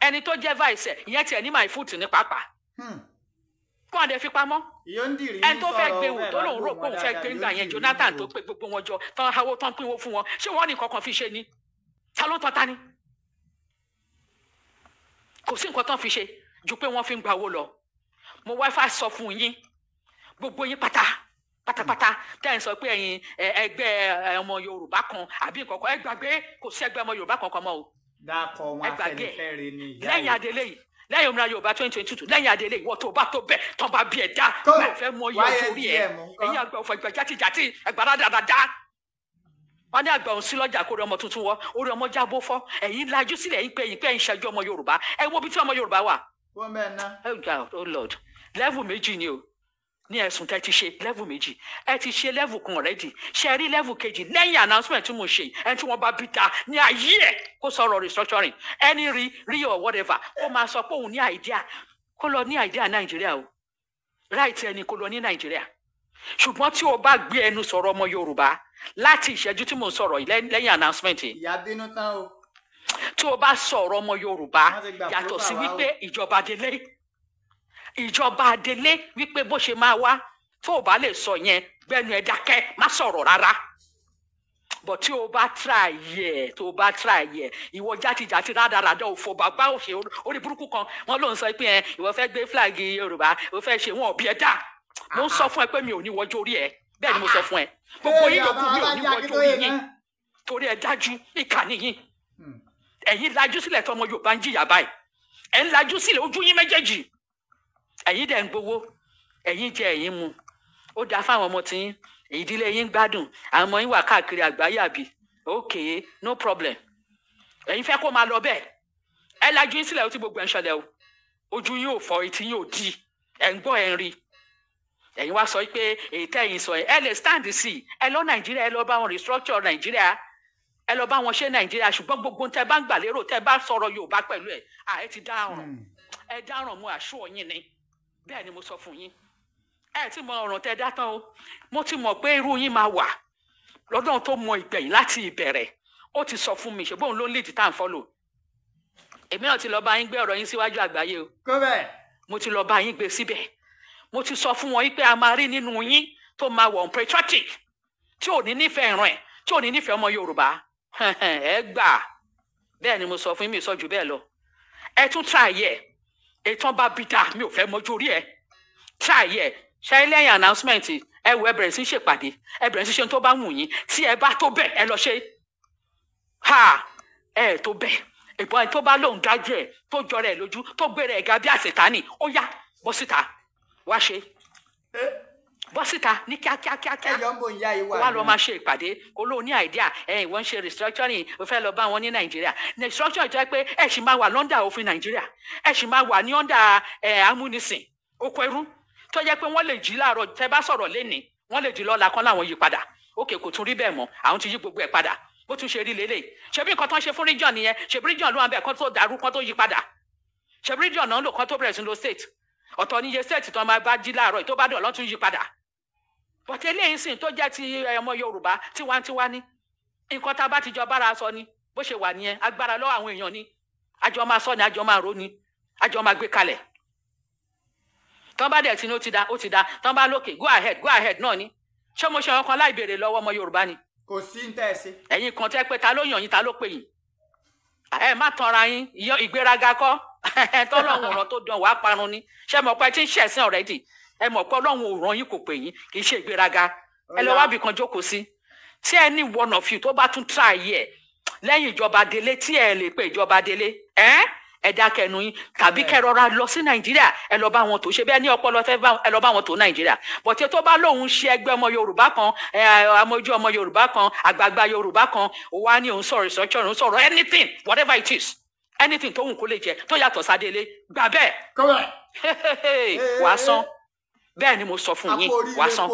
ẹni tó jẹ́ vice ìyẹn tiẹ̀ ní my foot ní pàápàá hmm. kó àdé fi pamọ́ ẹni tó fẹ́ gbé wò tó lòun rò pé òun fẹ́ gbé ńgbà yẹn jonathan tó pé gbogbo wọn jọ tán hawó tán pínwó fún wọn ṣé wọ́n ní nǹkan kan fi ṣe ni ta ló tán ta ni kò sí nǹkan tán fi ṣe ju pé wọ́n fi ń gba owó lọ mo wá sọ fún yín gbogbo yín pátá pátápátá tẹ́ sọ pé ẹ̀yin ẹgbẹ́ ọmọ yorùbá kan àbí nǹkan ẹ gbàgbé kò sí ẹgbẹ́ ọmọ yorùbá kankan mọ́ o dákọ̀ wọn afẹnifẹre ni ìyá yẹn lẹ́yìn adele yìí lẹ́yìn òmìnira yorùbá twenty twenty two lẹ́yìn adele yìí wọ́n tó bá tó bẹ̀ tán bá bí ẹ̀ dá bẹ́ẹ̀ fẹ́ mọ iye ní àgbà òun sí lọ́jà kó rí ọmọ tuntun wọ orí ọmọ jábọ́ fọ́ ẹ̀yin lajú sílẹ̀ ẹ̀yin pé ẹ̀yin pé ẹ̀yin ṣẹ́jú ọmọ yorùbá ẹ wo bí tí ọmọ yorùbá wà. wọ́n bẹ́ẹ̀ ná. oh, oh lord level méjì ni o ní ẹ̀sùn tẹ́ ti ṣe level méjì ẹ ti ṣe level kan already ṣe rí level kejì lẹ́yìn announcement tí mo ṣe ẹni tí wọ́n bá bí ta ní ayé ẹ̀ kó sọ̀rọ̀ restructuring ẹni rí rí or whatever kó máa sọ pé òun ní idea kó lọ ní idea nàìjíríà o right ẹni kó lọ ní nàìjíríà ṣùgbọ́n tí o bá gbé ẹnu sọ̀rọ̀ ọmọ yorùbá láti ìṣẹ́jú tí mo sọ̀rọ̀ lẹ́yìn announcement yìí. ìyá bínú tán o. tí o bá sọ̀rọ̀ ọmọ yorùbá yàtọ̀ sí wípé ìjọba délé ìjọba adelé wípé bó ṣe máa wá tó o bá lè sọ yẹn gbẹnu ẹ má sọ̀rọ̀ rárá bọ̀ tí o bá try yẹ tó o bá try yẹ ìwọ játijàti rádaràdà òfò bàbá òṣè orí burúkú kan wọn ló ń sọ pé ẹ ìwọ fẹ́ gbé fúlàgì yorùbá o fẹ́ ṣe wọn ọbí ẹ dá mo ń sọ fún ẹ pé mi ò ní wọjọ orí ẹ bẹ́ẹ̀ ni mo sọ fún ẹ gbogbo yín yòókù mi ò ní wọjọ orí yín torí ẹ dájú ìkà nìyín hmm. ẹ̀yin lajú sílẹ̀ tọmọ yorùbá ń jìyà báyìí ẹ ń lajú sílẹ̀ ojú yín méjèèjì ẹ̀yin dẹ̀ ń gbowó ẹ̀yin jẹ ẹ̀yin mu ó dáa fáwọn ọmọ tí ìdílé yín gbádùn àwọn ọmọ yín wà káàkiri àgbáyé àbí ok no problem ẹ̀yin fẹ́ kó máa lọ bẹ́ẹ̀ ẹ lajú yín sílẹ̀ ó ti gbogbo ẹ̀ ń ṣẹlẹ̀ o ojú yín ò fọ etí yín ò di ẹ̀ ń gbọ́ ẹ̀ ń rí ẹ̀yin wá sọ pé èyí tẹ̀yin sọ ẹ̀ ẹ lè stand sí i ẹ lọ nàìjíríà ẹ lọ bá wọn restructure nàìjíríà ẹ lọ bá wọn ṣe nàìjíríà ṣùgbọ́n gbogbo tẹ bá ń gbà lérò tẹ bá sọ̀rọ̀ yorùbá pẹ̀lú ẹ̀ à ẹ ti dáràn hmm. ẹ dáràn mu àṣù ọ̀yìn ni bẹ́ẹ̀ ni mo sọ fún yín ẹ ti mọ ọ̀ràn tẹ dá tán o mo ti mọ̀ pé irú yín máa wà lọ́dọ̀ tó mọ ìgbẹ̀yìn láti ìbẹ̀rẹ̀ ó ti sọ fún mi ṣùgbọ́n òun ló lead tá à ń fọ́lò èmi náà ti lọ bá yín gbé ọ̀rọ̀ yín síwájú àgbáyé o mo ti lọ bá yín gbé síbẹ̀ mo ti sọ fún wọn pé a máa rí nínú yín tó máa wọ̀ patriotic tí ò ní nífẹ̀ẹ́ ìran ẹ̀ tí ò ní nífẹ̀ẹ́ ọmọ Yorùbá ẹ gbà bẹ́ẹ̀ ni mo sọ fún yín mi sọ jù bẹ́ẹ̀ lọ ẹ tún try ẹ̀ ètò bá bí mi ò fẹ́ mọ́jú orí ẹ̀ try ẹ̀ ṣe lẹ́yìn announcement ẹ wo ẹ bẹ̀rẹ̀ sí ṣèpàdé ẹ bẹ̀rẹ̀ sí ṣe tó bá wù yín tí ẹ bá tó bẹ̀ ẹ lọ ṣe ha ẹ tó bẹ̀ ìbọn tó bá lóun dájú ẹ tó jọra ẹ lójú tó gbéra ẹ ga bí àṣetánì ó yá bọ́ síta wá ṣe bọ́ síta ní kíákíá kíákíá wà lọ máa ṣe ìpàdé kó lóun ní àìdíà ẹ̀yìn wọ́n ń ṣe restructuring o fẹ́ lọ bá wọn ní nàìjíríà restructuring jẹ́ pé ẹ̀ sì máa wà lọ́ndà òfin nàìjíríà ẹ̀ sì máa wà ní ọ̀ndà amúnisìn oko ẹrú tó jẹ́ pé wọ́n lè jí láàárọ̀ tẹ́ bá sọ̀rọ̀ lẹ́nìí wọ́n lè jí lọ́la kan láwọn yí padà òkè kò tún rí bẹ́ẹ̀ mọ́ àwọn ti yí gbogbo ẹ̀ padà bó tún ṣe rí lélẹ̀ ṣebí nǹkan tó ń ṣe fún region nìyẹn ṣebí region ló wà bẹ́ẹ̀ kan tó dàrú kan tó yí padà ṣebí region náà lò kan tó bẹ̀rẹ̀ sí lo state ọ̀tọ̀ níye state tó máa bá jí láàárọ̀ tó bá dọ̀ lọ́tún yí padà bọ́tẹ́ eléyìí sìn tó jẹ́ ti eh, ọmọ yorùbá tiwantiwa ni nǹkan tá a bá ti jọ bára sọ ni bó ṣe wà nìyẹn agbára lọ́wọ́ àwọn èèyàn ni àjọ máa sọ ni àjọ máa rò ni àjọ máa gbé kalẹ̀ tán bá dẹ̀ tí ó ti da ó ti da tán bá lókè go ahead go ahead náà ni ṣé mo ṣe ọkàn láì béèrè lọ́wọ́ ọmọ yorùbá ni. kò sí ń tẹ́ ẹ sí. ẹ̀yin kan tẹ́ pé ta ló yàn yín ta ló pè yín ẹ má tanra yín ìgbéraga kọ́ tọ́lọ́hùn ọ̀ràn tó dán ẹ mọ̀ pé ọlọ́run ò ràn yín kò pè yín kì í ṣe ìgbéraga ẹ lọ wábì kan jókòó sí tí ẹ ní one of you tó bá tún try yẹ lẹ́yìn ìjọba délé tí ẹ lè pe ìjọba délé ẹ ẹ dákẹ́ nu yín tàbí kẹ́ rọra lọ sí nàìjíríà ẹ lọ bá wọn tó ṣe bẹ́ẹ̀ ní ọpọlọ fẹ́ ẹ lọ bá wọn tó nàìjíríà bọ̀tí tó bá lóun ṣe ẹgbẹ́ ọmọ yorùbá kan amójú ọmọ yorùbá kan àgbààgbà yorùbá kan wà ní òun sọ̀rọ̀ ìsọ̀tsọ̀rọ̀ òun sọ̀rọ̀ anything whatever it is anything tó wù kó lè jẹ tó yàtọ̀ sadele gbà bẹ́ẹ̀ wàá sán bẹ́ẹ̀ ni mo sọ fún yín wá san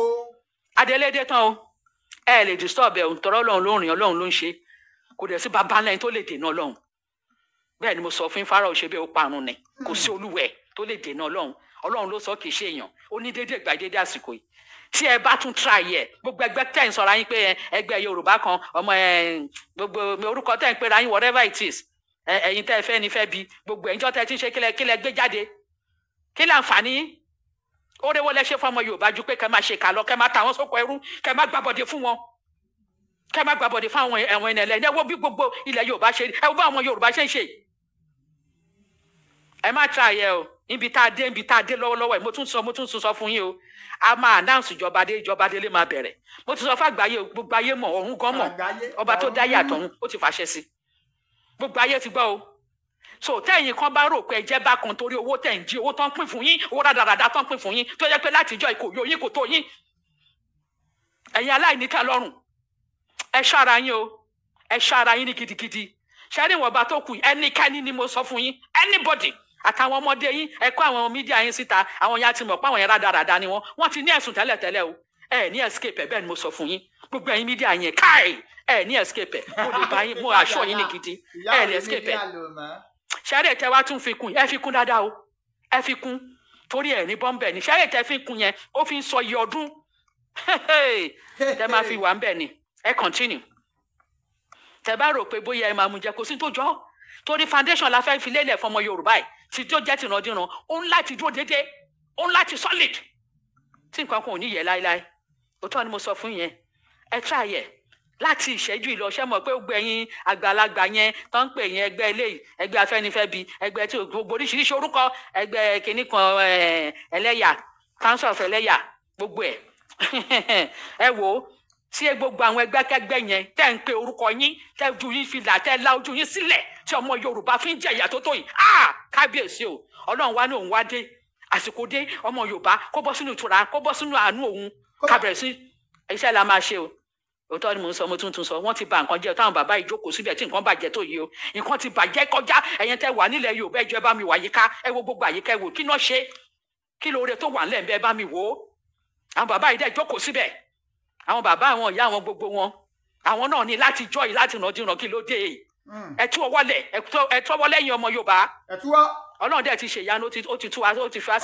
adélédé tán o ẹ lè disturb ẹ òǹtọ́rọ́ ọlọ́run ló ń rìn ọlọ́run ló ń ṣe kò dẹ̀ sí baba ńlẹ́yìn tó lè dènà ọlọ́run bẹ́ẹ̀ ni mo sọ fún Fáráò ṣe bẹ́ẹ̀ ó parun ni kò sí olúwẹ̀ tó lè dènà ọlọ́run ọlọ́run ló sọ kì í ṣe èèyàn ó ní déédéé ìgbà déédéé àsìkò yìí tí ẹ bá tún try yẹ gbogbo ẹgbẹ́ tẹ̀ sọra yín pé ẹgbẹ́ Yorùbá kan ọmọ ẹ gbogbo orúkọ tẹ̀ ń pera yín whatever it is ẹ̀yin tẹ́ fẹ́ ni fẹ́ bi gbogbo ẹ̀yin jọ́ tẹ́ ti ń ṣe kílẹ̀ kílẹ̀ gbé jáde kílẹ̀ àǹfààní ó rẹwọ́ lẹ́sẹ̀ fún ọmọ Yorùbá ju pé kẹ́ máa ṣe kà lọ kẹ́ máa ta àwọn sóko ẹrú kẹ́ máa gbàbọ̀dé fún wọn kẹ́ máa gbàbọ̀dé fún àwọn ẹ̀wọ̀n ilẹ̀ ẹ̀yìn ẹ̀wọ́ bí gbogbo ilẹ̀ Yorùbá ṣe ẹ bá àwọn Yorùbá ṣe ń ṣe ẹ má tra yẹ o ibi tá a dé ibi tá a dé lọ́wọ́lọ́wọ́ ẹ̀ mo tún sọ mo tún sọ fún yín o a máa announce ìjọba dé ìjọba délé máa bẹ̀rẹ̀ mo ti sọ fún àgbáyé gbogbo ayé mọ̀ ọ̀run gan mọ̀ ọba tó dáyé àtọ̀run ó ti fàṣẹ si gbogbo ayé ti gbọ́ o so tẹ́yìn kan bá rò pé ẹ jẹ́ bákan torí owó tẹ̀ ń jí owó tán pín fún yín owó rádaràdà tán pín fún yín tó yẹ pé látijọ́ kò yó yín kò tó yín ẹ̀yin aláìníkà lọ́rùn ẹ ṣára yín o ẹ ṣára yín ní gidigidi ṣẹ́rìn wọ̀nba tó kù ẹnikẹ́ni ni mo sọ fún yín anybody àtàwọn ọmọdé yín ẹ kó àwọn mídíà yín síta àwọn yẹn ti mọ̀ pé àwọn yẹn rádaràdà ni wọ́n wọ́n ti ní ẹ̀sùn tẹ́lẹ̀tẹ́lẹ̀ o ẹ ní escape ẹ bẹ́ẹ̀ ni mo sọ fún yín gbogbo ẹ̀yin mídíà yẹn káì ẹ ní escape ẹ mo lè bá yín mo àṣọ yín ní gidi ẹ ní escape ẹ ṣẹ́rẹ̀ tẹ wá tún fi kún ẹ fi kún dáadáa o ẹ fi kún torí ẹ̀ ní bọ́ńbẹ̀ ni ṣẹ́rẹ̀ tẹ fi kún yẹn ó fi ń sọ iye ọdún tẹ máa fi wà ń bẹ̀ ni ẹ continue tẹ bá rò pé bóyá ẹ máa mú jẹ kó sí tó jọ torí foundation la fẹ́ fi lélẹ̀ fọmọ Yorùbá yìí tí tó jẹ́ tìrandíran ó ń láti dúró déédéé ó ń láti solid tí nǹkan kan ò ní yẹ láéláé òótọ́ ni mo sọ fún yẹn ẹ try láti ìṣẹ́jú ìlọ́ṣẹ́ mọ̀ pé gbogbo ẹ̀yin àgbàlagbà yẹn tó ń pè yín ẹgbẹ́ eléyìí ẹgbẹ́ afẹ́nifẹ́bi ẹgbẹ́ tí gbogbo oríṣiríṣi orúkọ ẹgbẹ́ kìnnì kan eh, ẹlẹ́yà council of ẹlẹ́yà gbogbo ẹ̀ ẹ wò ó tí gbogbo àwọn ẹgbẹ́kẹ́gbẹ́ yẹn tẹ́ ń pe orúkọ yín tẹ́ ju yín fi là tẹ́ la ojú yín sílẹ̀ tí ọmọ Yorùbá fi ń jẹ ìyà tó tó yìí ah kábíyèsí o Ọlọ́run wa ní òun wá dé àsìkò dé ọmọ Yorùbá kó bọ́ sínú ìtura kó bọ́ sínú àánú òun kábẹ̀rẹ̀ sí iṣẹ́ la máa ṣe o òótọ́ ni mò ń sọ mo tún sọ wọ́n ti bà nǹkan jẹ́ táwọn bàbá ìjókòó síbẹ̀ tí nǹkan bàjẹ́ tó yìí o nǹkan ti bàjẹ́ kọjá ẹ̀yẹn tẹ́ wà nílẹ̀ Yorùbá ẹjọ́ ẹ bá mi wà yíká ẹ wo gbogbo àyíká ẹ wò kí náà ṣe kí lóore tó wà nílẹ̀ ẹ bá mi wò ó àwọn bàbá yìí dẹ́ jókòó síbẹ̀ àwọn bàbá àwọn ìyá àwọn gbogbo wọn àwọn náà ní láti jọ yìí láti ràn dìran kí ló hmm. ti ṣèyanu ti tú wa ó ti fi wá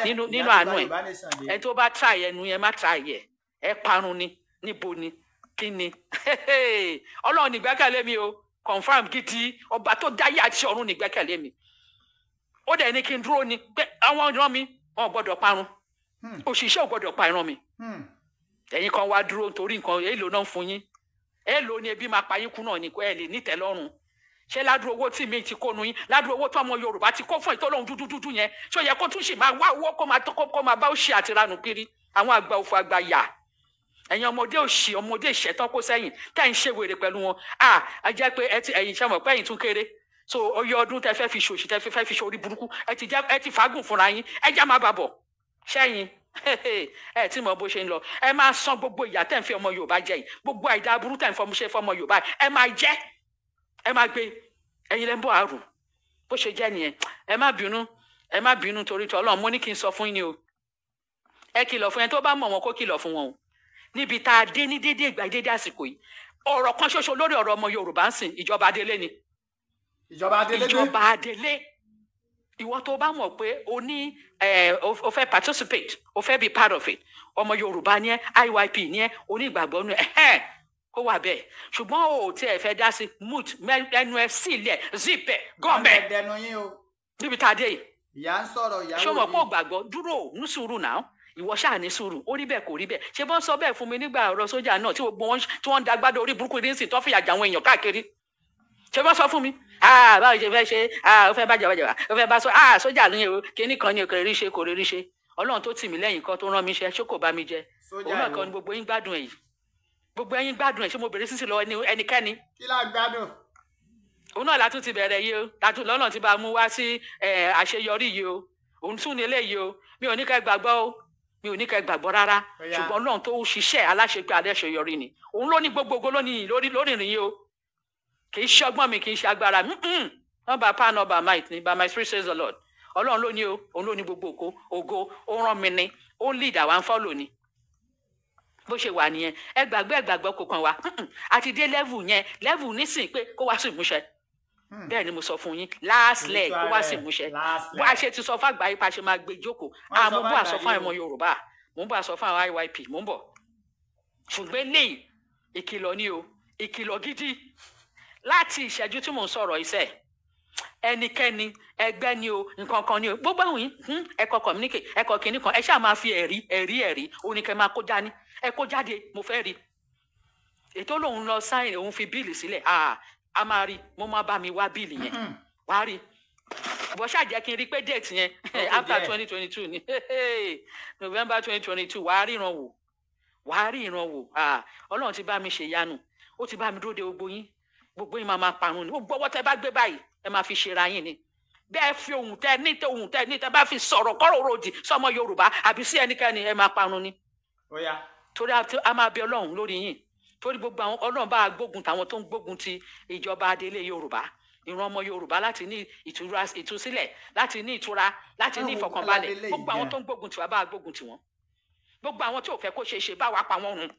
sínú nínú àánú ẹ̀ ẹ tó bá tà ẹnu yẹn má tà yẹ ẹ parun ni níbo ni kí ni ọlọ́run mi o confam gidi ọba tó dáyé àti ọ̀run nìgbẹ́kẹ̀lé mi ó dẹ̀ ní kí n dúró ni pé àwọn ìran mi wọn ò gbọ́dọ̀ parun hmm. òṣìṣẹ́ ò gbọ́dọ̀ pa ìran mi hmm. ẹ̀yin kan wá dúró nítorí nǹkan èèlò náà fún yín èèlò ni ebi máa pa yín kú náà ni ẹ lè nítẹ̀ lọ́rùn ṣé ládùú owó tí mi ti kó nu yín ládùú owó tó ọmọ yorùbá ti kó fún ìtọ́lọ́hún dúdú dúdú yẹn ṣó yẹ kó tún ṣì máa wá owó kó máa bá ó ṣe àtiranù kiri àwọn àgbà òfò àgbà yà ẹ̀yin ọmọdé òṣì ọmọdé ìṣẹ́tọ́ kó sẹ́yìn tẹ́ ń ṣe wèrè pẹ̀lú wọn à á jẹ́ pé ẹ ti ẹ̀yin ṣe mọ̀ pé ẹ̀yin tún kéré so ọyọ ọdún tẹ́ fẹ́ fi ṣòṣì tẹ́ fẹ́ fi ṣorí burúkú ẹ ti jẹ́ ẹ ti fagùn fúnra yín ẹ já má bàbọ̀ sẹ́yìn ẹ tí mọ̀ bó ṣe ń lọ ẹ máa san gbogbo ìyà tẹ́ ń fi ọmọ Yorùbá jẹ yìí gbogbo àìdá burú tẹ́ ń fọmọ ṣe fọmọ Yorùbá ẹ máa jẹ ẹ máa gbé ẹ̀yin lẹ́ ń bọ̀ àrùn bó ṣe jẹ́ nìyẹn ẹ má bínú ẹ má bínú torí tọ́lọ́ mo ní kí n sọ fún yín o ẹ kìlọ̀ fún yẹn tó bá mọ̀ wọn kó kìlọ̀ fún wọn o níbi tá a dé ní déédéé ìgbà déédéé àsìkò yìí ọ̀rọ̀ kan ṣoṣo lórí ọ̀rọ̀ ọmọ yorùbá ń sìn ìjọba adélé ni. ìjọba adélé ìjọba adélé ìwọ tó bá mọ̀ pé o ní o fẹ́ participate o fẹ́ be part of it ọmọ yorùbá ni ẹ IYP ni ẹ onígbàgbọ́ ni ẹ kó wà bẹ́ẹ̀ ṣùgbọ́n o ò tí ẹ fẹ́ dá sí moot nfc lẹ̀ zipẹ̀ gọ́ọ̀mẹ̀ níbi tá a dé yìí. ìyá ń sọ̀rọ̀ ìyá wò ni. ṣé o mọ̀ pé o gbàgbọ́ dúró ní náà ìwọ ṣáà ní sùúrù ó rí bẹ́ẹ̀ kò rí bẹ́ẹ̀ ṣé bọ́n sọ bẹ́ẹ̀ fún mi nígbà ọ̀rọ̀ sójà náà tí gbogbo wọn tí wọ́n ń dagbádọ́ orí burúkú ní sìn tó fìyà jà àwọn èèyàn káàkiri ṣé bọ́n sọ fún mi báwo ṣe fẹ́ ṣe ó fẹ́ bá jàbàjàbà ó fẹ́ bá sọ sójà ní o kíní kan ní o kò rí ṣe kò rí ṣe ọlọ́run tó tì mí lẹ́yìn kan tó rán mi ṣe ṣé kò bá mi jẹ òun náà kan gbogbo gbogbo yín gbádùn mi ò ní kẹ́ gbàgbọ́ rárá ṣùgbọ́n Ọlọ́run tó ṣiṣẹ́ aláṣepé aláṣeyọrí ni òun ló ní gbogbogbò lónìí lórí lórí rìn yìí o kì í ṣọgbọ́n mi kì í ṣe agbára mi not by power not by might ni by my spirit says the Lord Ọlọ́run ló ní o òun ló ní gbogbo ògo ògo ó rán mi ni ó ń lead àwa ń follow ni bó ṣe wà nìyẹn ẹ gbàgbọ́ ẹ gbàgbọ́ kò kàn wá àti dé level yẹn level nísìnyí pé kó wá sí ìmúṣẹ Hmm. bẹ́ẹ̀ ni mo sọ fún yín last leg kó wá sí ìmúṣẹ bá a ṣe ti sọ fún àgbáyé pa ṣe máa gbé jókòó àmọ́ bó a sọ fún àwọn ọmọ Yorùbá mò ń bọ̀ a sọ fún àwọn IYP mò ń bọ̀ ṣùgbọ́n eléyìí ìkìlọ̀ ni o ìkìlọ̀ gidi láti ìṣẹ́jú tí mò ń sọ̀rọ̀ iṣẹ́ ẹnikẹ́ni ẹgbẹ́ ni o nǹkan kan ni o gbogbo àwọn yìí hmm, ẹ̀kọ́ communicate ẹ̀kọ́ kìíní kan ẹ ṣáà máa fi ẹ̀rí ẹ̀rí ẹ̀rí oníkẹ́ máa kó dání ẹ kó jáde mo fẹ́ rí ètò lòun lọ sáyìn òun fi bíìlì sílẹ̀ ah, a máa rí mo máa bá mi wá bíìlì yẹn wá rí bó ṣáà kí n rí pé date yẹn after twenty twenty two ni november twenty twenty two wàá ríran wò wàá rí ìran wò ọlọ́run ti bá mi ṣèyanu ó ti bá mi dúró de gbogbo yín gbogbo yín máa máa parun ni gbogbo ọwọ́ tẹ bá gbé báyìí ẹ máa fi ṣera yín ni bẹ́ẹ̀ fi ohun tẹ ní tẹ ohun tẹ ní tẹ bá fi sọ̀rọ̀ kọ́rọ̀ òròdì sọmọ yorùbá àbí sí ẹnikẹ́ni ẹ máa parun ni. torí a máa bẹ ọlọ́run lórí yín torí gbogbo àwọn ọlọ́run bá gbógun tàwọn tó ń gbógun ti ìjọba adélé yorùbá ìran ọmọ yorùbá láti ní ìtura ìtúsílẹ̀ láti ní ìtura láti ní ìfọkànbalẹ̀ gbogbo àwọn tó ń gbógun tiwa bá gbógun tiwọn gbogbo àwọn tí ò fẹ́ kó ṣe ṣe bá wa pa wọ́n run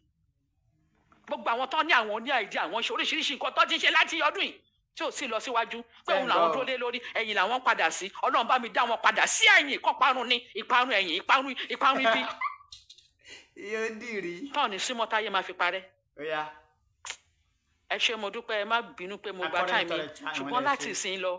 gbogbo àwọn tó ní àwọn ní àìdí àwọn ṣe oríṣiríṣi nǹkan tó ti ṣe láti ọdún yìí tí ò sì lọ síwájú pé òun làwọn dúró lé lórí ẹ̀yìn làwọn padà sí ọlọ́run bá mi dá wọn padà sí ẹ̀yìn kọ́ parun ni ìparun ẹ̀yìn ìparun ìparun ibi. iye dìrì. tọ́ọ̀nì símọ́táyé máa fi parẹ́ ẹ ṣé mo dúpẹ́ ẹ má bínú pé mo gba táìmì ṣùgbọ́n láti ìsìn lọ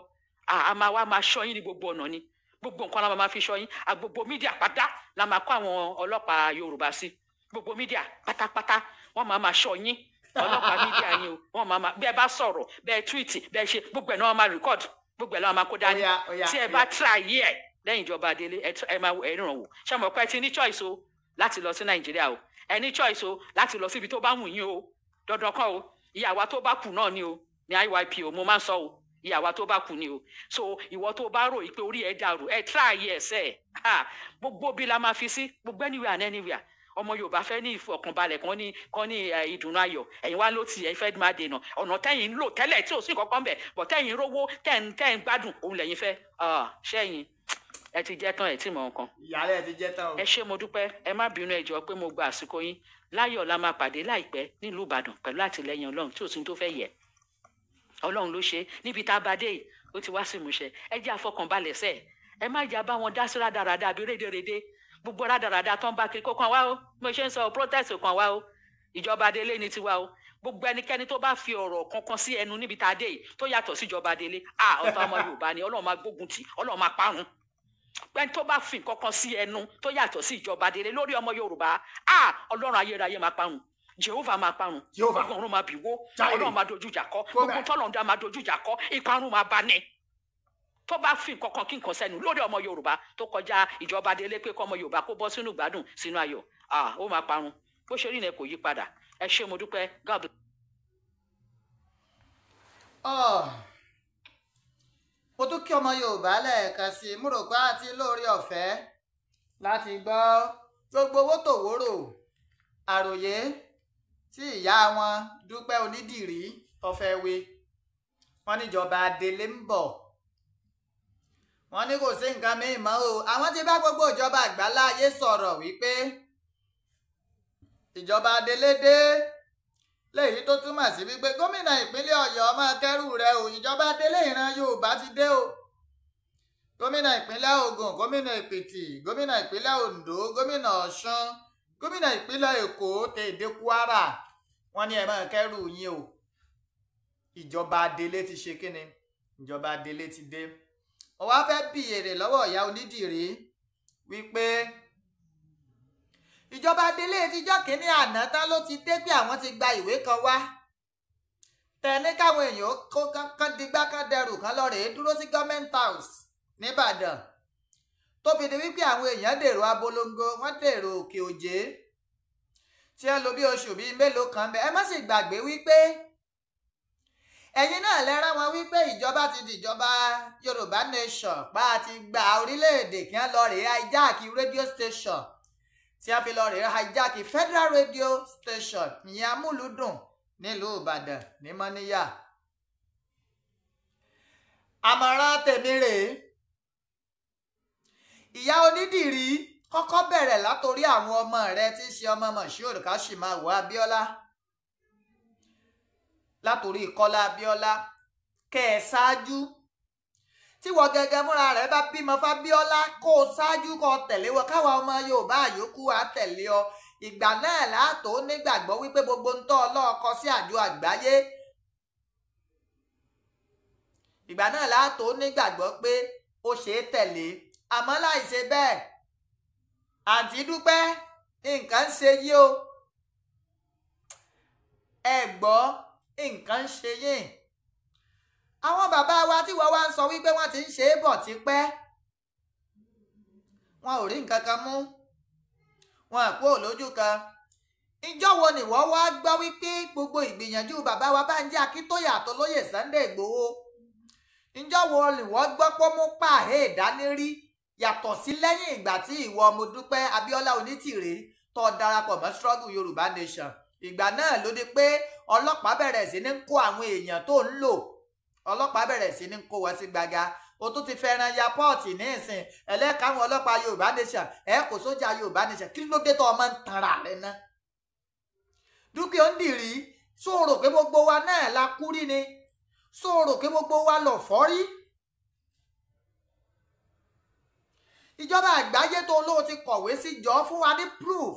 a máa wá máa ṣọ́ yín ní gbogbo ọ̀nà ni gbogbo nǹkan la máa fi ṣọ́ yín àgbogbo mídíà pátá la máa kó àwọn ọlọ́pàá Yorùbá sí gbogbo mídíà pátápátá wọ́n máa máa ṣọ́ yín ọlọ́pàá mídíà yín o wọ́n máa máa bẹ́ẹ̀ bá sọ̀rọ̀ bẹ́ẹ̀ túwìtì bẹ́ẹ̀ ṣe gbogbo ẹ̀ náà máa rìkọ́d gbogbo ẹ̀ náà máa kó dání tí ẹ bá tra yí ẹ̀ lẹ́yìn ìjọba délé ẹ máa ẹ̀ ràn wò ṣé mo pẹ́ ti ní choice o láti lọ sí Nàìjíríà o ẹni choice o láti lọ síbi tó bá wù yín o dandan kan o ìyàwó tó bá kù náà ni o ní IYP o mo máa ń sọ o ìyàwó tó bá kù ni o so ìwọ tó bá rò pé orí ẹ dàrú ẹ tíráàyè ẹsẹ ẹ gbogbo bí la máa fi sí gbogbo anywhere and anywhere ọmọ yorùbá fẹ́ ní ìfọkànbalẹ̀ kan ní kan ní ìdùnnú ayọ̀ ẹ̀yin wá ló ti ẹ fẹ́ máa dènà ọ̀nà tẹ́yin ń lò tẹ́lẹ̀ tí ò sí kankan bẹ̀ bọ̀ tẹ́yin rówó tẹ́ ń gbádùn òun lẹ́yìn fẹ́ ah, ṣẹ́yin ẹ ti jẹ́ tán ẹ ti mọ̀ nǹkan. ìyálẹ̀ ẹ ti jẹ́ tán o. ẹ ṣé mo dúpẹ́ ẹ má bínú ẹ jọ̀ọ́ pé mo gba àsìkò yín láyọ̀ la máa pàdé láìpẹ́ nílùú ìbàdàn pẹ̀lú àtìlẹyìn ọlọ́run tí ò tó fẹ́ yẹ ọlọ́run ló ṣe níbi tá a bá dé yìí ó ti wá sí ìmúṣẹ ẹ jẹ́ àfọkànbalẹ̀ sẹ́ ẹ má jà bá wọn dá sí rádaràda àbí rédèrèdè gbogbo rádaràda tán bá kiri kó kàn wá o mo ṣe ń sọ protest kàn wá o ìjọba adélé ni tiwa o gbogbo ẹnikẹ́ni tó bá fi ọ̀rọ̀ kankan sí ẹnu níbi tá a dé yìí tó yàtọ̀ síjọba adélé à ọ̀tá ọmọ yorùbá ni ọlọ́run máa gbógun tì ọlọ́run máa parun ẹni tó bá fi nǹkan kan sí ẹnu tó yàtọ̀ sí ìjọba délé lórí ọmọ yorùbá a ọlọ́run ayérayé máa parun jehova máa parun ọlọ́run máa bìwó ọlọ́run máa dojú ìjà kọ gbogbo tọ́lọ́run dá máa dojú ìjà kọ ìparun máa bá ní tó bá fi nǹkan kan kí nǹkan sẹ́nu lórí ọmọ yorùbá tó kọjá ìjọba délé pé kọ́ ọmọ yorùbá kó bọ́ sínú ìgbádùn sínú ayọ̀ ah ó máa parun bó ṣe rí yẹn kò yí padà ẹ ṣé mo dúpẹ́ god bless. Ah mo tún kí ọmọ yorùbá lẹ́ẹ̀kan sí i mo rò pé a ti lóore ọ̀fẹ́ láti gbọ́ gbogbo owó tòwórò àròyé tí ìyá wọn dúpẹ́ onídìrí tọ́fẹ́wé wọ́n níjọba adélé ń bọ̀ wọ́n ní kò sí nǹkan míì mọ́ o àwọn ti bá gbogbo ìjọba àgbáláyé sọ̀rọ̀ wípé ìjọba adélé dé. De léyìí tó túmọ̀ sí wípé gómìnà ìpínlẹ̀ ọ̀yọ́ máa kẹ́rù rẹ o ìjọba délé ìran yorùbá ti dé o gómìnà ìpínlẹ̀ ògùn gómìnà èpìtì gómìnà ìpínlẹ̀ gómìnà gómìnà ìpínlẹ̀ èkó kwara wọn ni ẹ máa kẹ́rù o ìjọba délé ti ṣe kíni ìjọba délé ti dé wá bi èrè lọ́wọ́ ìyá onídìrí wípé ìjọba délé tíjọ́ kínní àná tán ló ti dé pé àwọn ti gba ìwé kan wá tẹ̀lé káwọn èèyàn kó kán digbá kán dẹrù kán lọ rèé dúró sí government house nìbàdàn tó fi di wípé àwọn èèyàn dèrò abolongo wọ́n dèrò òkè òjé tí ẹ lò bí oṣù bíi mélòó kan bẹ ẹ má sì gbàgbé wípé ẹ̀yin náà lẹ́rán wọn wípé ìjọba ti dìjọba Yorùbá nation pa àti gba orílẹ̀-èdè kí wọ́n lọ rèé hijack rédíò station tí a fi lọ rèé hijack federal radio station ìyẹn amúlùdùn nílùú ìbàdàn ní mọ́níyà. àmọ̀ràn tèmi rèé ìyá onídìrí kọ́kọ́ bẹ̀rẹ̀ látòrí àwọn ọmọ rẹ tí í ṣe ọmọ mọ̀ṣúrù káṣímáwò abíọ́lá látòrí kọ́lá abíọ́lá kẹ́ ẹ̀ ṣáájú tíwọ gẹ́gẹ́ fúnra rẹ̀ bá bímọ fábíọ́lá kó o ṣáájú kó o tẹ̀lé wọn káwa ọmọ yorùbá àyókù á tẹ̀lé ọ ìgbà náà látò nígbàgbọ́ wípé gbogbo ń tọ́ ọlọ́ọ̀kọ sí àjọ àgbáyé ìgbà náà látò nígbàgbọ́ pé ó ṣeé tẹ̀lé àmọ́ láìṣe bẹ́ẹ̀ àǹtí dúpẹ́ nǹkan ń ṣe yí o ẹ gbọ́ nǹkan ń ṣe yín àwọn bàbá wa tí wọ́n wá ń sọ wípé wọ́n ti ń ṣe é bọ̀ tipẹ́ wọn ò rí nǹkan kan mú wọn àpò lójú kan ìjọ́ wo ni wọ́n wá gbọ́ wípé gbogbo ìgbìyànjú bàbá wa Bánjí Akíntóyè àtolóyè Sunday Ìgbòho ìjọ́ wo ni wọ́n gbọ́ pé mú pààyè ìdánirí yàtọ̀ sí lẹ́yìn ìgbà tí ìwọ Mọ́dúpẹ́ Abíọ́lá Onítìrẹ tó darapọ̀ mọ́ struggle Yorùbá Nation ìgbà náà ló di pé ọlọ́pàá bẹ̀rẹ̀ sí ní kó àwọn èèyàn tó ń lò ọlọ́pàá bẹ̀rẹ̀ sí ní kó wá sí gbaga o tún ti fẹ́ràn ya pọ́ọ̀tì ní ìsìn ẹlẹ́kàáwọn ọlọ́pàá yorùbá nation ẹ kò sójà yorùbá nation kí ló dé tó ọmọ ń tanra rẹ ná. dúkìá ń dìrí sóòrò pé gbogbo wa náà la kú ni sóòrò pé gbogbo wa lọ fọ́ ìjọba àgbáyé tó lóun ti kọ̀wé sí fún wa ní proof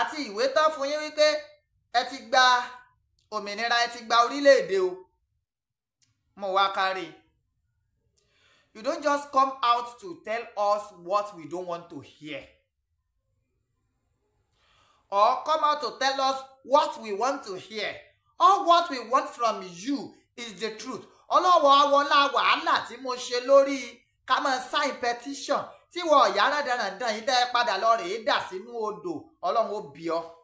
àti ìwé tán fún yín wípé ẹ ti gba òmìnira ẹ ti gba orílẹ̀-èdè o mo wá kárí you don't just come out to tell us what we don't want to hear or come out to tell us what we want to hear All what we want from you is the truth ọlọ́wọ́ awọlá wàhálà tí mo ṣe lórí ká máa sign petition tí wọ́n ọ̀yá rádaràdàn yìí dẹ́ padà lọ rèé dà sínú odò ọlọ́run ó bí ọ.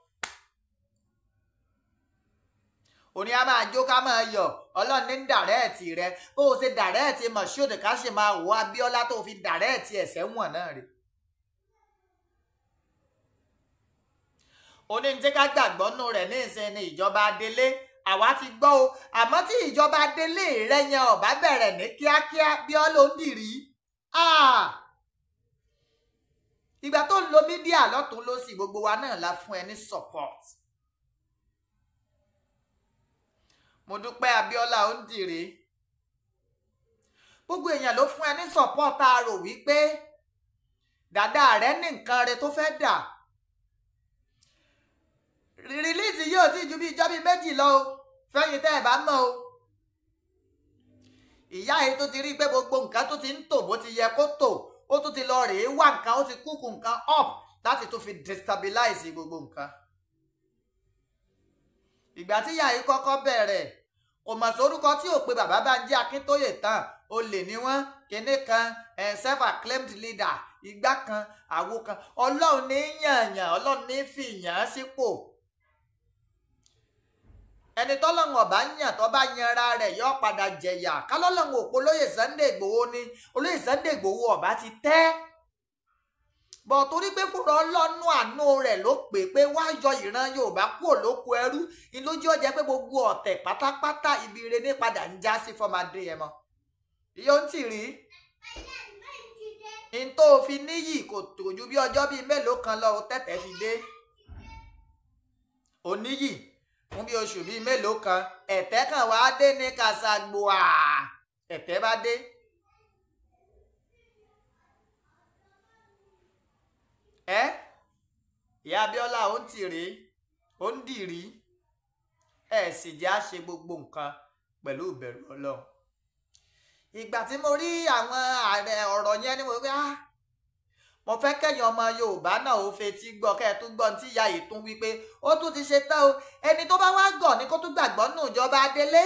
òní a máa jó ká máa yọ̀ ọlọ́run ní dàrẹ́ẹ̀tì rẹ bó o ṣe dàrẹ́ẹ̀tì Moshood ká ṣe máa wò Abíọ́lá tó fi dàrẹ́ẹ̀tì ẹ̀sẹ̀ wọ̀n náà rè. òní ní ká gbàgbọ́ nù rẹ̀ ní ìsìn ní ìjọba délé àwa ti gbọ́ o àmọ́ tí ìjọba délé rẹ yẹn ọ̀bá bẹ̀rẹ̀ ní kíákíá bí ọ́ ló ń dìrí ah! ìgbà tó ń lo mídíà lọ́tún lọ́sì gbogbo wa náà la fún ẹ ní support Mọ́dúpẹ́ Abíọ́lá Ondire gbogbo èèyàn ló fún ẹ ní support àrò wípé dàdá rẹ ní nǹkan rẹ tó fẹ́ dà rìlíìsì yóò ti ju bí ijọ́ bíi méjì lọ o fẹ́yìn tẹ́ ẹ bá mọ̀ o ìyá yìí tó ti rí pé gbogbo nǹkan tó ti ń tò bó ti yẹ kó tò ó tún ti lọ rèé wá nǹkan ó ti kúkú nǹkan up láti tún fi destabilize gbogbo nǹkan ìgbà tí ìyá yìí kọ́kọ́ bẹ̀rẹ̀ òmọ̀sórúkọ tí ò pe bàbá Bánjí Akíntóyè tán olè ni wọ́n kinní kan self acclaimed leader igbá kan àwo kan ọlọ́run ní yànyàn ọlọ́run ní fìyàn sípò ẹni tọ́lọ́run ọ̀bá yàn tó bá yanra rẹ̀ yọ padà jẹ̀yà kálọ́lọ́run òpó olóyè Sunday Ìgbòho ni olóyè Sunday Ìgbòho ọ̀bá ti tẹ́ bọ̀ torí pé fúnra ọlọ́nu àánú rẹ̀ ló pè pé wá yọ ìran yorùbá kúrò lóko ẹrú ìlójú lójú ọjà pé gbogbo ọ̀tẹ̀ pátápátá ibi ire padà ń já sí fọmọ adé ẹ mọ iye ohun tí rí n tó fi níyì kò tó bí ọjọ́ bíi mélòó kan lọ tẹ̀tẹ̀ fi dé oníyì fún bí oṣù bíi mélòó kan ẹ̀tẹ́ kan wàá dé ní kàṣàgbòà ẹ̀tẹ́ bá dé. ẹ ìyá Abíọ́lá ó ń tìrì ó ń dìrì ẹ sì jẹ́ àṣe gbogbo nǹkan pẹ̀lú ìbẹ̀rù Ọlọ́run ìgbà tí mo rí àwọn ààrẹ ọ̀rọ̀ yẹn ni mo rí ah mo fẹ́ kẹ́yìn ọmọ Yorùbá náà ó fetí gbọ́ kẹ́ ẹ tún gbọ́ tí ìyá yìí tún wípé ó tún ti ṣe tán o ẹni tó bá wá gọ̀ ni kó tún gbàgbọ́ nù ìjọba adélé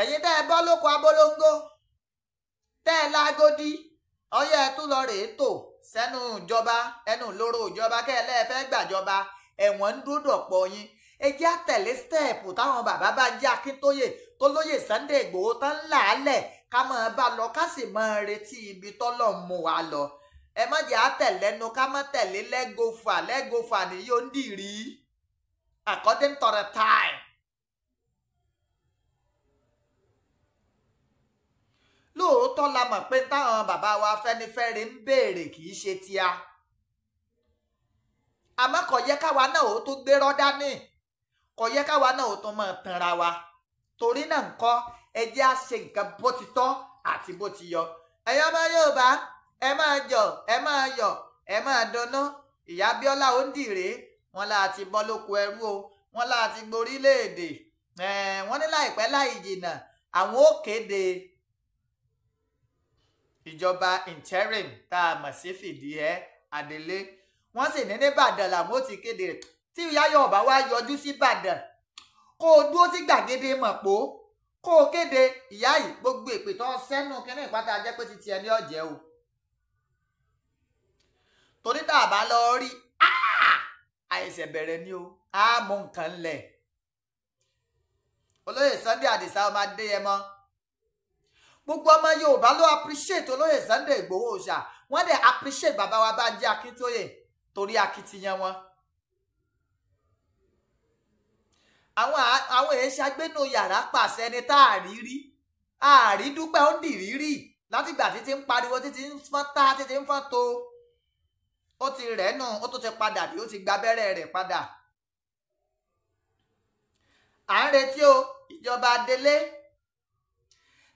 ẹ̀yin tẹ́ ẹ bọ́ lóko abolongo tẹ́ ẹ lágódì ọyẹ tó lọ rèé tò sẹ́nu ìjọba ẹnu lóró ìjọba kẹlẹ fẹ́ gbàjọba ẹ̀wọ̀n ń dúdọ pọ yín ẹ jẹ́ àtẹ̀lé stẹẹpù táwọn bàbá bá jẹ Akíntóyè tó lóye Sunday Ìgbòho tán làálẹ̀ ká máa bá lọ ká sì máa retí ibi tọ́lọ̀ mú wa lọ ẹ má jẹ́ àtẹ̀lẹ́nu ká má tẹ̀lé lẹ́gọ̀fà lẹ́gọ̀fà nìyó ń dìrí according to the lóòótọ́ la mọ̀ pé táwọn bàbá wa Afẹ́nifẹ́re ń béèrè kì í ṣe ti a àmọ́ kò yẹ káwa náà ó tó gbérọ́ dání kò yẹ káwa náà ó tó máa tanra wa torí náà ńkọ́ ẹ jẹ́ á nǹkan bó ti tọ́ àti bó ti yọ ẹ̀yin ọmọ Yorùbá ẹ máa jọ ẹ máa yọ ẹ máa dunnú ìyá Bíọ́lá ó ń dìrè wọn láà bọ́ lóko ẹrú o wọn láà ti gborílẹ̀ wọn ní láìpẹ́ láì jìnnà àwọn ó kéde ìjọba interim tá a mọ̀ sí fìdíhẹ́ adelé wọ́n sì ní nìbàdàn làwọn ó ti kéde rẹ̀ tí yáyọ̀ ọ̀bá wá yọjú sí ìbàdàn kó o dúró sí gbàgede mọ̀pó kó o kéde ìyá yìí gbogbo èpè tó ń sẹ́nu kínní ìpátá jẹ́ pé titi ẹni ọ̀jẹ́ o torí tá a bá lọ rí àìsè bẹ̀rẹ̀ ni o á mú nǹkan lẹ̀ olóyè Sunday Adisa ọmọ Adéyẹmọ gbogbo ọmọ yorùbá ló appreciate olóyè Sunday Igboho Òòṣà wọ́n dẹ̀ appreciate bàbá wa Bánjí Akíntóyè torí akitiyan wọn. àwọn àwọn èèyàn ṣàgbénu yàrá pàṣẹ ni tá a rí rí a rí dúpẹ́ ó ń dì rírì látìgbà títí ń pariwo títí ń ti gba abẹ́rẹ́ rẹ̀ padà. à ń retí o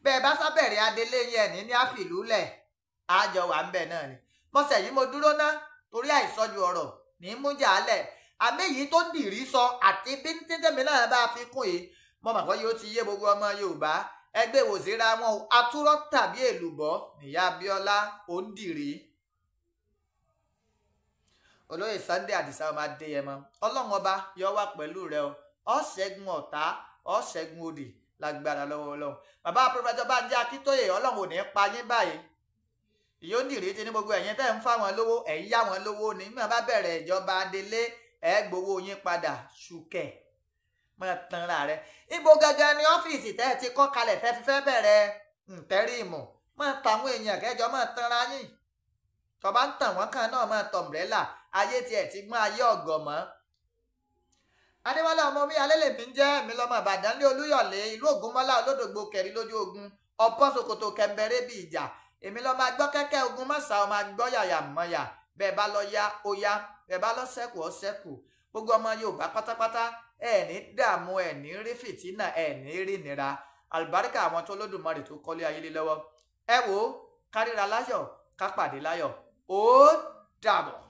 bẹ́ẹ̀ bá sábẹ̀rẹ̀ adelé yẹn ní ní àfìlúlẹ̀ àjọ wà ń bẹ̀ náà ni mọ̀sẹ̀ yìí mo dúró ná torí àìsọ́jú ọ̀rọ̀ ní mújàálẹ̀ àmì yìí tó dìrí sọ àti bí títẹ̀mí náà bá fi kún yìí mo mà kọ́ yóò ti yé gbogbo ọmọ Yorùbá ẹgbẹ́ òsèrà wọn o atúrọ́ tàbí èlùbọ́ nìyá Abíọ́lá òǹdìrí olóyè Sunday Àdìsá ọmọ Adéyẹmọ Ọlọ́run ọba yọ wá pẹ̀lú rẹ ọ! ó ṣẹ́gun ọ̀tá ó ṣẹ́gun òdì lágbára lọ́wọ́ ọlọ́run bàbá pọfẹsọ Bánjí Akíntóyè ọlọ́run ò ní pa yín báyìí ìyó nìrí ti ní gbogbo ẹ̀yin fẹ́ ń fáwọn wọn lówó ẹ̀yin yá wọn lówó ni bí bá bẹ̀rẹ̀ ìjọba délé ẹ̀ gbowó yín padà ṣùkẹ̀ mọ̀ tanra rẹ̀ ibo gangan ni ọ́fíìsì tẹ́ ti kọ́ kalẹ̀ mọ̀ tàwọn èèyàn kẹjọ mọ̀ tanra yín ń tàn wọ́n kan náà mọ̀ tọ̀mbrẹ́là adéwálé ọmọ mi alẹ́lẹ̀ mi ń jẹ́ mi lọ́mọ ìbàdàn lé olúyọ̀lé ìlú ògúnmọ́lá olódògbò kẹrí lójú ogun ọ̀pọ̀ ṣòkòtò kẹ̀mbẹ̀rẹ̀ bíi ìjà èmi lọ́ máa gbọ́ kẹ́kẹ́ ogun mọ́sà ọmọ agbọ́ yàyà mọ́yà bẹ́ẹ̀ bá lọ ya ó ya bẹ́ẹ̀ bá lọ sẹ́kù ó sẹ́kù gbogbo ọmọ yorùbá pátápátá ẹ̀ ní dààmú ẹ̀ ní rí fìtínà ẹ̀ ní rí nira àlùbáríkà àwọn tó lódùmarè tó kọ́lé ayé lọ́wọ́ ẹ wo káríra láyọ̀ kápàdé láyọ̀ ó dàbọ̀.